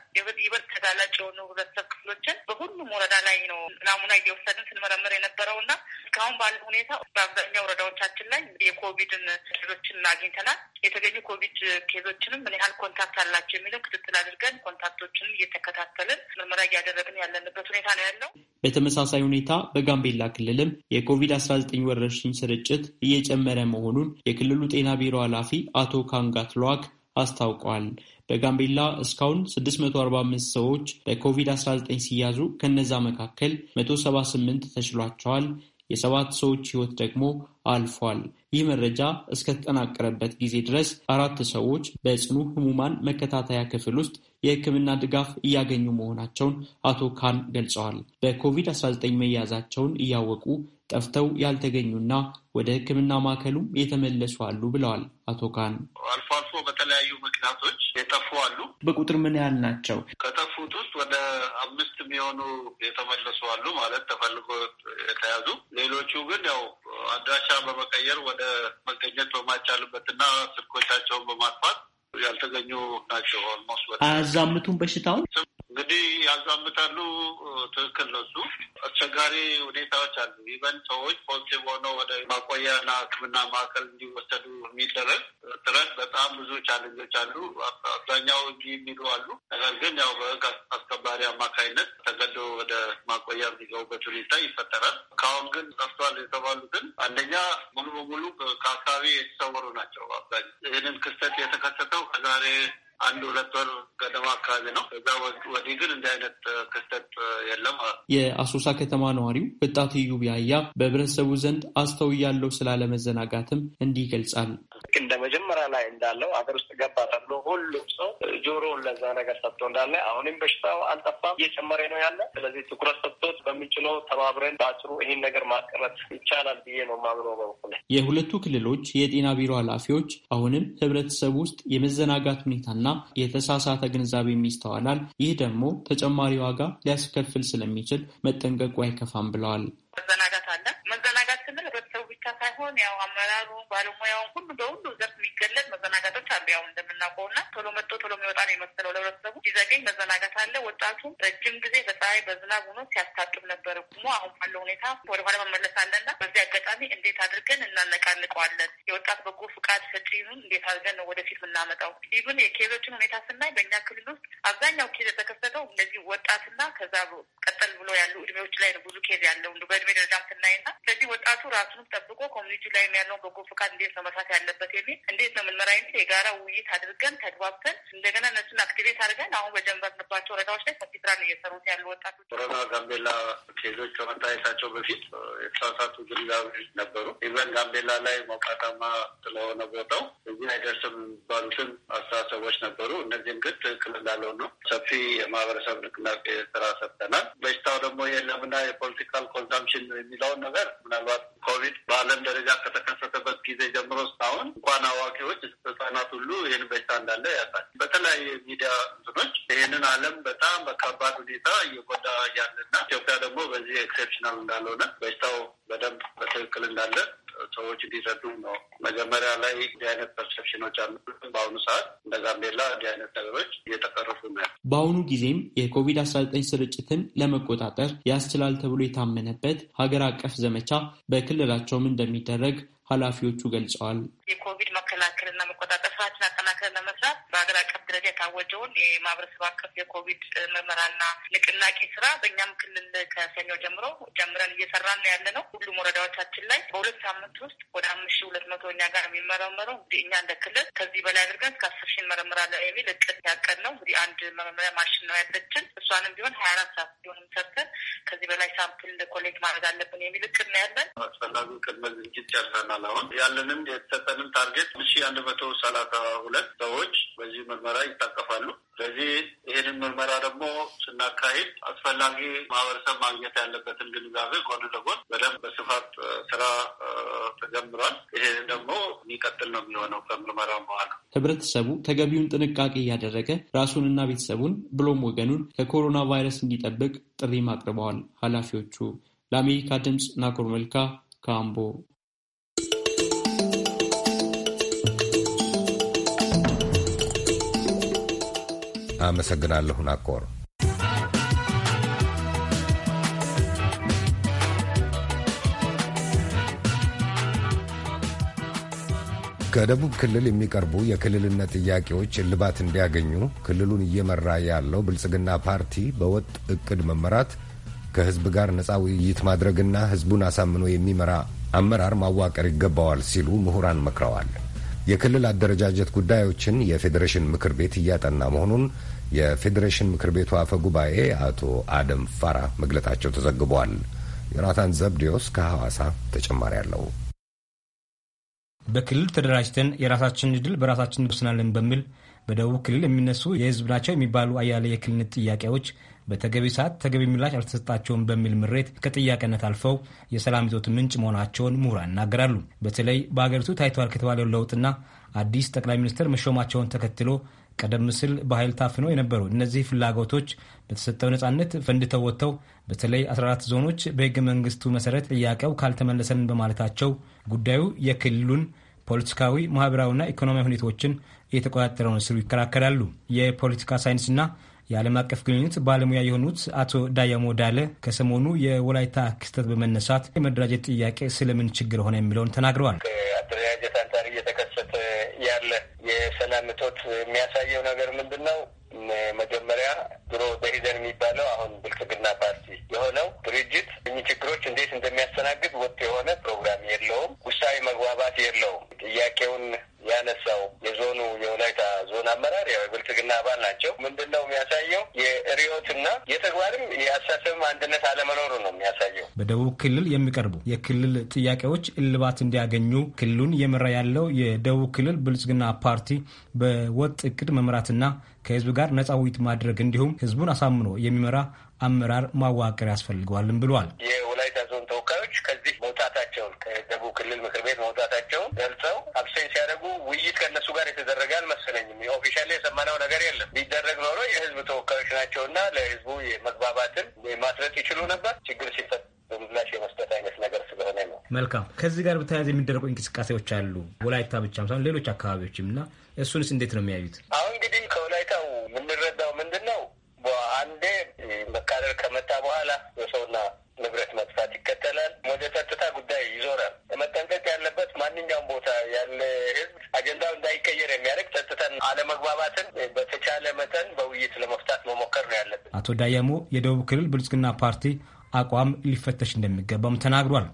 ይበልጥ ተጋላጭ የሆኑ ህብረተሰብ ክፍሎችን በሁሉም ወረዳ ላይ ነው ናሙና እየወሰድን ስንመረምር የነበረው እና እስካሁን ባለ ሁኔታ በአብዛኛው ወረዳዎቻችን ላይ የኮቪድን ኬዞችን አግኝተናል። የተገኙ ኮቪድ ኬዞችንም ምን ያህል ኮንታክት አላቸው የሚለው ክትትል አድርገን ኮንታክቶችንም እየተከታተልን ምርመራ እያደረግን ያለንበት ሁኔታ ነው ያለው። በተመሳሳይ ሁኔታ በጋምቤላ ክልልም የኮቪድ አስራ ዘጠኝ ወረርሽኝ ስርጭት እየጨመረ መሆኑን የክልሉ ጤና ቢሮ ኃላፊ አቶ ካንጋት ለዋክ አስታውቀዋል። በጋምቤላ እስካሁን 645 ሰዎች በኮቪድ-19 ሲያዙ ከነዛ መካከል 178 ተችሏቸዋል። የሰባት ሰዎች ሕይወት ደግሞ አልፏል። ይህ መረጃ እስከተጠናቀረበት ጊዜ ድረስ አራት ሰዎች በጽኑ ህሙማን መከታተያ ክፍል ውስጥ የህክምና ድጋፍ እያገኙ መሆናቸውን አቶ ካን ገልጸዋል። በኮቪድ-19 መያዛቸውን እያወቁ ጠፍተው ያልተገኙና ወደ ሕክምና ማዕከሉም የተመለሱ አሉ ብለዋል አቶ ካን። አልፎ አልፎ በተለያዩ ምክንያቶች የጠፉ አሉ። በቁጥር ምን ያህል ናቸው? ከጠፉት ውስጥ ወደ አምስት የሚሆኑ የተመለሱ አሉ ማለት ተፈልጎ የተያዙ ሌሎቹ ግን ያው አድራሻ በመቀየር ወደ መገኘት በማይቻልበትና ስልኮቻቸውን በማጥፋት ያልተገኙ ናቸው። ኦልሞስት አያዛምቱም በሽታውን እንግዲህ ያዛምታሉ። ትክክል ነው። እሱ አስቸጋሪ ሁኔታዎች አሉ። ኢቨን ሰዎች ፖዚቲቭ ሆነው ወደ ማቆያና ሕክምና ማዕከል እንዲወሰዱ የሚደረግ ጥረት በጣም ብዙ ቻለንጆች አሉ። አብዛኛው እንጂ የሚሉ አሉ። ነገር ግን ያው በህግ አስከባሪ አማካኝነት ተገዶ ወደ ማቆያ የሚገቡበት ሁኔታ ይፈጠራል። ከአሁን ግን ጠፍቷል የተባሉትን አንደኛ ሙሉ በሙሉ ከአካባቢ የተሰወሩ ናቸው። አብዛኛው ይህንን ክስተት የተከሰተው የጀመረው ከዛሬ አንድ ሁለት ወር ገደማ አካባቢ ነው። እዛ ወዲህ ግን እንዲህ አይነት ክስተት የለም። የአሶሳ ከተማ ነዋሪው ወጣት እዩ ቢያያ በህብረተሰቡ ዘንድ አስተውያለሁ ስላለመዘናጋትም እንዲህ ይገልጻል። እንደ መጀመሪያ ላይ እንዳለው አገር ውስጥ ገባ ተብሎ ሁሉም ሰው ጆሮውን ለዛ ነገር ሰጥቶ እንዳለ አሁንም በሽታው አልጠፋም፣ እየጨመረ ነው ያለ። ስለዚህ ትኩረት ሰጥቶት በሚችለው ተባብረን በአጭሩ ይህን ነገር ማቀረት ይቻላል ብዬ ነው የማምነው። በበኩል የሁለቱ ክልሎች የጤና ቢሮ ኃላፊዎች አሁንም ህብረተሰብ ውስጥ የመዘናጋት ሁኔታና የተሳሳተ ግንዛቤ የሚስተዋላል፣ ይህ ደግሞ ተጨማሪ ዋጋ ሊያስከፍል ስለሚችል መጠንቀቁ አይከፋም ብለዋል። ሳይሆን ያው አመራሩ ባለሙያውን ሁሉ በሁሉ ዘርፍ ሲገለጽ መዘናጋቶች አሉ። ያው እንደምናውቀው እና ቶሎ መጥቶ ቶሎ የሚወጣ ነው የመሰለው ለህብረተሰቡ ሲዘገኝ መዘናጋት አለ። ወጣቱ ረጅም ጊዜ በፀሐይ በዝናብ ሆኖ ሲያስታጥብ ነበር ቁሞ አሁን ባለው ሁኔታ ወደኋላ መመለስ አለና በዚህ አጋጣሚ እንዴት አድርገን እናነቃንቀዋለን? የወጣት በጎ ፍቃድ ሰጪውን እንዴት አድርገን ነው ወደፊት የምናመጣው? ኢቭን የኬዞችን ሁኔታ ስናይ በእኛ ክልል ውስጥ አብዛኛው ኬዝ የተከሰተው እነዚህ ወጣትና ከዛ ቀጠል ብሎ ያሉ እድሜዎች ላይ ነው ብዙ ኬዝ ያለው እንዱ በእድሜ ደረጃም ስናይ ስናይና ስለዚህ ወጣቱ ራሱንም ጠብቆ ኮሚኒቲ ላይ ያለውን በጎ ፍቃድ እንዴት ነው መስራት ያለበት የሚል እንዴት እንዴት ነው ምንመራ አይነት የጋራ ውይይት አድርገን ተግባብተን እንደገና እነሱን አክቲቬት አድርገን አሁን በጀመርንባቸው ወረዳዎች ላይ ሰፊ ስራ ነው እየሰሩት ያሉ ወጣቶች። ኮሮና ጋምቤላ ኬዞች ከመታየታቸው በፊት የተሳሳቱ ግንዛቤዎች ነበሩ። ኢቨን ጋምቤላ ላይ ሞቃታማ ስለሆነ ቦታው እዚህ አይደርስም ባሉትን አስተሳሰቦች ነበሩ። እነዚህም ግን ትክክል እንዳለው ነው ሰፊ የማህበረሰብ ንቅናቄ ስራ ሰርተናል። በሽታው ደግሞ የለምና የፖለቲካል ኮንሳምፕሽን የሚለውን ነገር ምናልባት ኮቪድ በዓለም ደረጃ ከተከሰተበት ጊዜ ጀምሮ እስካሁን እንኳን አዋቂ ታዋቂዎች ህጻናት ሁሉ ይህን በሽታ እንዳለ ያሳል። በተለያየ ሚዲያ እንትኖች ይህንን ዓለም በጣም በከባድ ሁኔታ እየጎዳ ያለና ኢትዮጵያ ደግሞ በዚህ ኤክሴፕሽናል እንዳልሆነ በሽታው በደንብ በትክክል እንዳለ ሰዎች እንዲረዱ ነው። መጀመሪያ ላይ እንዲህ አይነት ፐርሰፕሽኖች አሉ። በአሁኑ ሰዓት እንደ ጋምቤላ እንዲህ አይነት ነገሮች እየተቀረፉ ነው። በአሁኑ ጊዜም የኮቪድ አስራ ዘጠኝ ስርጭትን ለመቆጣጠር ያስችላል ተብሎ የታመነበት ሀገር አቀፍ ዘመቻ በክልላቸውም እንደሚደረግ ኃላፊዎቹ ገልጸዋል። የኮቪድ መከላከልና መቆጣጠር ስራችን አጠናክረን ለመስራት በሀገር አቀፍ ደረጃ የታወጀውን የማህበረሰብ አቀፍ የኮቪድ ምርመራና ንቅናቄ ስራ በእኛም ክልል ከሰኞ ጀምሮ ጀምረን እየሰራን ያለ ነው። ሁሉም ወረዳዎቻችን ላይ በሁለት ሳምንት ውስጥ ወደ አምስት ሺ ሁለት መቶ እኛ ጋር የሚመረመሩ እንግዲህ እኛ እንደ ክልል ከዚህ በላይ አድርገን እስከ አስር ሺ እንመረምራለን የሚል እቅድ ያቀድ ነው። እንግዲህ አንድ መመሪያ ማሽን ነው ያለችን። እሷንም ቢሆን ሀያ አራት ሰዓት ቢሆንም ሰርተን ከዚህ በላይ ሳምፕል ኮሌክት ማድረግ አለብን የሚል እቅድ ነው ያለን። አስፈላጊ ቅድመ ዝግጅት ጨርሰናል። አሁን ያለንም የተሰጠንም ታርጌት ሺ አንድ መቶ ሰላሳ ሁለት ሰዎች በዚህ ምርመራ ላይ ይታቀፋሉ። ስለዚህ ይህንን ምርመራ ደግሞ ስናካሂድ አስፈላጊ ማህበረሰብ ማግኘት ያለበትን ግንዛቤ ጎን ለጎን በደንብ በስፋት ስራ ተጀምሯል። ይህን ደግሞ የሚቀጥል ነው የሚሆነው ከምርመራ በኋላ ህብረተሰቡ ተገቢውን ጥንቃቄ እያደረገ ራሱንና ቤተሰቡን ብሎም ወገኑን ከኮሮና ቫይረስ እንዲጠብቅ ጥሪም አቅርበዋል ኃላፊዎቹ። ለአሜሪካ ድምፅ ናኮር መልካ ካምቦ አመሰግናለሁ ናኮር። ከደቡብ ክልል የሚቀርቡ የክልልነት ጥያቄዎች እልባት እንዲያገኙ ክልሉን እየመራ ያለው ብልጽግና ፓርቲ በወጥ እቅድ መመራት ከህዝብ ጋር ነፃ ውይይት ማድረግና ህዝቡን አሳምኖ የሚመራ አመራር ማዋቀር ይገባዋል ሲሉ ምሁራን መክረዋል። የክልል አደረጃጀት ጉዳዮችን የፌዴሬሽን ምክር ቤት እያጠና መሆኑን የፌዴሬሽን ምክር ቤቱ አፈ ጉባኤ አቶ አደም ፋራ መግለጣቸው ተዘግቧል። ዮናታን ዘብዴዎስ ከሐዋሳ ተጨማሪ አለው። በክልል ተደራጅተን የራሳችንን እድል በራሳችን እንወስናለን በሚል በደቡብ ክልል የሚነሱ የህዝብ ናቸው የሚባሉ አያሌ የክልልነት ጥያቄዎች በተገቢ ሰዓት ተገቢ ምላሽ አልተሰጣቸውም በሚል ምሬት ከጥያቄነት አልፈው የሰላም እጦት ምንጭ መሆናቸውን ምሁራን ይናገራሉ። በተለይ በሀገሪቱ ታይተዋል ከተባለው ለውጥና አዲስ ጠቅላይ ሚኒስትር መሾማቸውን ተከትሎ ቀደም ሲል በኃይል ታፍኖ የነበሩ እነዚህ ፍላጎቶች በተሰጠው ነፃነት ፈንድተው ወጥተው በተለይ 14 ዞኖች በሕገ መንግስቱ መሰረት ጥያቄው ካልተመለሰን በማለታቸው ጉዳዩ የክልሉን ፖለቲካዊ፣ ማህበራዊና ኢኮኖሚያዊ ሁኔታዎችን እየተቆጣጠረ ነው ሲሉ ይከራከራሉ። የፖለቲካ ሳይንስና የዓለም አቀፍ ግንኙነት ባለሙያ የሆኑት አቶ ዳያሞ ዳለ ከሰሞኑ የወላይታ ክስተት በመነሳት የመደራጀት ጥያቄ ስለምን ችግር ሆነ የሚለውን ተናግረዋል። ከአደረጃጀት አንጻር እየተከሰተ ያለ የሰላም እጦት የሚያሳየው ነገር ምንድን ነው? መጀመሪያ ድሮ በሂደን የሚባለው አሁን ብልጽግና ፓርቲ የሆነው ድርጅት እኚህ ችግሮች እንዴት እንደሚያስተናግድ ወጥ የሆነ ፕሮግራም የለውም። ውሳዊ መግባባት የለውም። ጥያቄውን ያነሳው የዞኑ የወላይታ ዞን አመራር ያው የብልጽግና አባል ናቸው። ምንድን ነው የሚያሳየው? የርዕዮትና የተግባርም የአሳሰብም አንድነት አለመኖሩ ነው የሚያሳየው። በደቡብ ክልል የሚቀርቡ የክልል ጥያቄዎች እልባት እንዲያገኙ ክልሉን እየመራ ያለው የደቡብ ክልል ብልጽግና ፓርቲ በወጥ እቅድ መምራትና ከህዝብ ጋር ነጻ ውይይት ማድረግ እንዲሁም ህዝቡን አሳምኖ የሚመራ አመራር ማዋቀር ያስፈልገዋልም ብሏል። የወላይታ ዞን ተወካዮች ከዚህ መውጣታቸውን ከደቡብ ክልል ምክር ቤት መውጣታቸው አብስቴን ሲያደርጉ ውይይት ከእነሱ ጋር የተደረገ አልመሰለኝም። ኦፊሻል የሰማነው ነገር የለም። ቢደረግ ኖሮ የህዝብ ተወካዮች ናቸው እና ለህዝቡ መግባባትን ማስረት ይችሉ ነበር። ችግር ሲፈት ምላሽ የመስጠት አይነት ነገር ስለሆነ ነው። መልካም። ከዚህ ጋር በተያያዘ የሚደረጉ እንቅስቃሴዎች አሉ። ወላይታ ብቻ ሳይሆን ሌሎች አካባቢዎችም እና እሱንስ እንዴት ነው የሚያዩት? አሁን እንግዲህ ከወላይታው የምንረዳው ምንድን ነው አንዴ መቃደር ከመጣ በኋላ የሰውና ንብረት መጥፋት ይከተላል። ወደ አለመግባባትን በተቻለ መጠን በውይይት ለመፍታት መሞከር ነው ያለብን። አቶ ዳያሞ የደቡብ ክልል ብልጽግና ፓርቲ አቋም ሊፈተሽ እንደሚገባም ተናግሯል።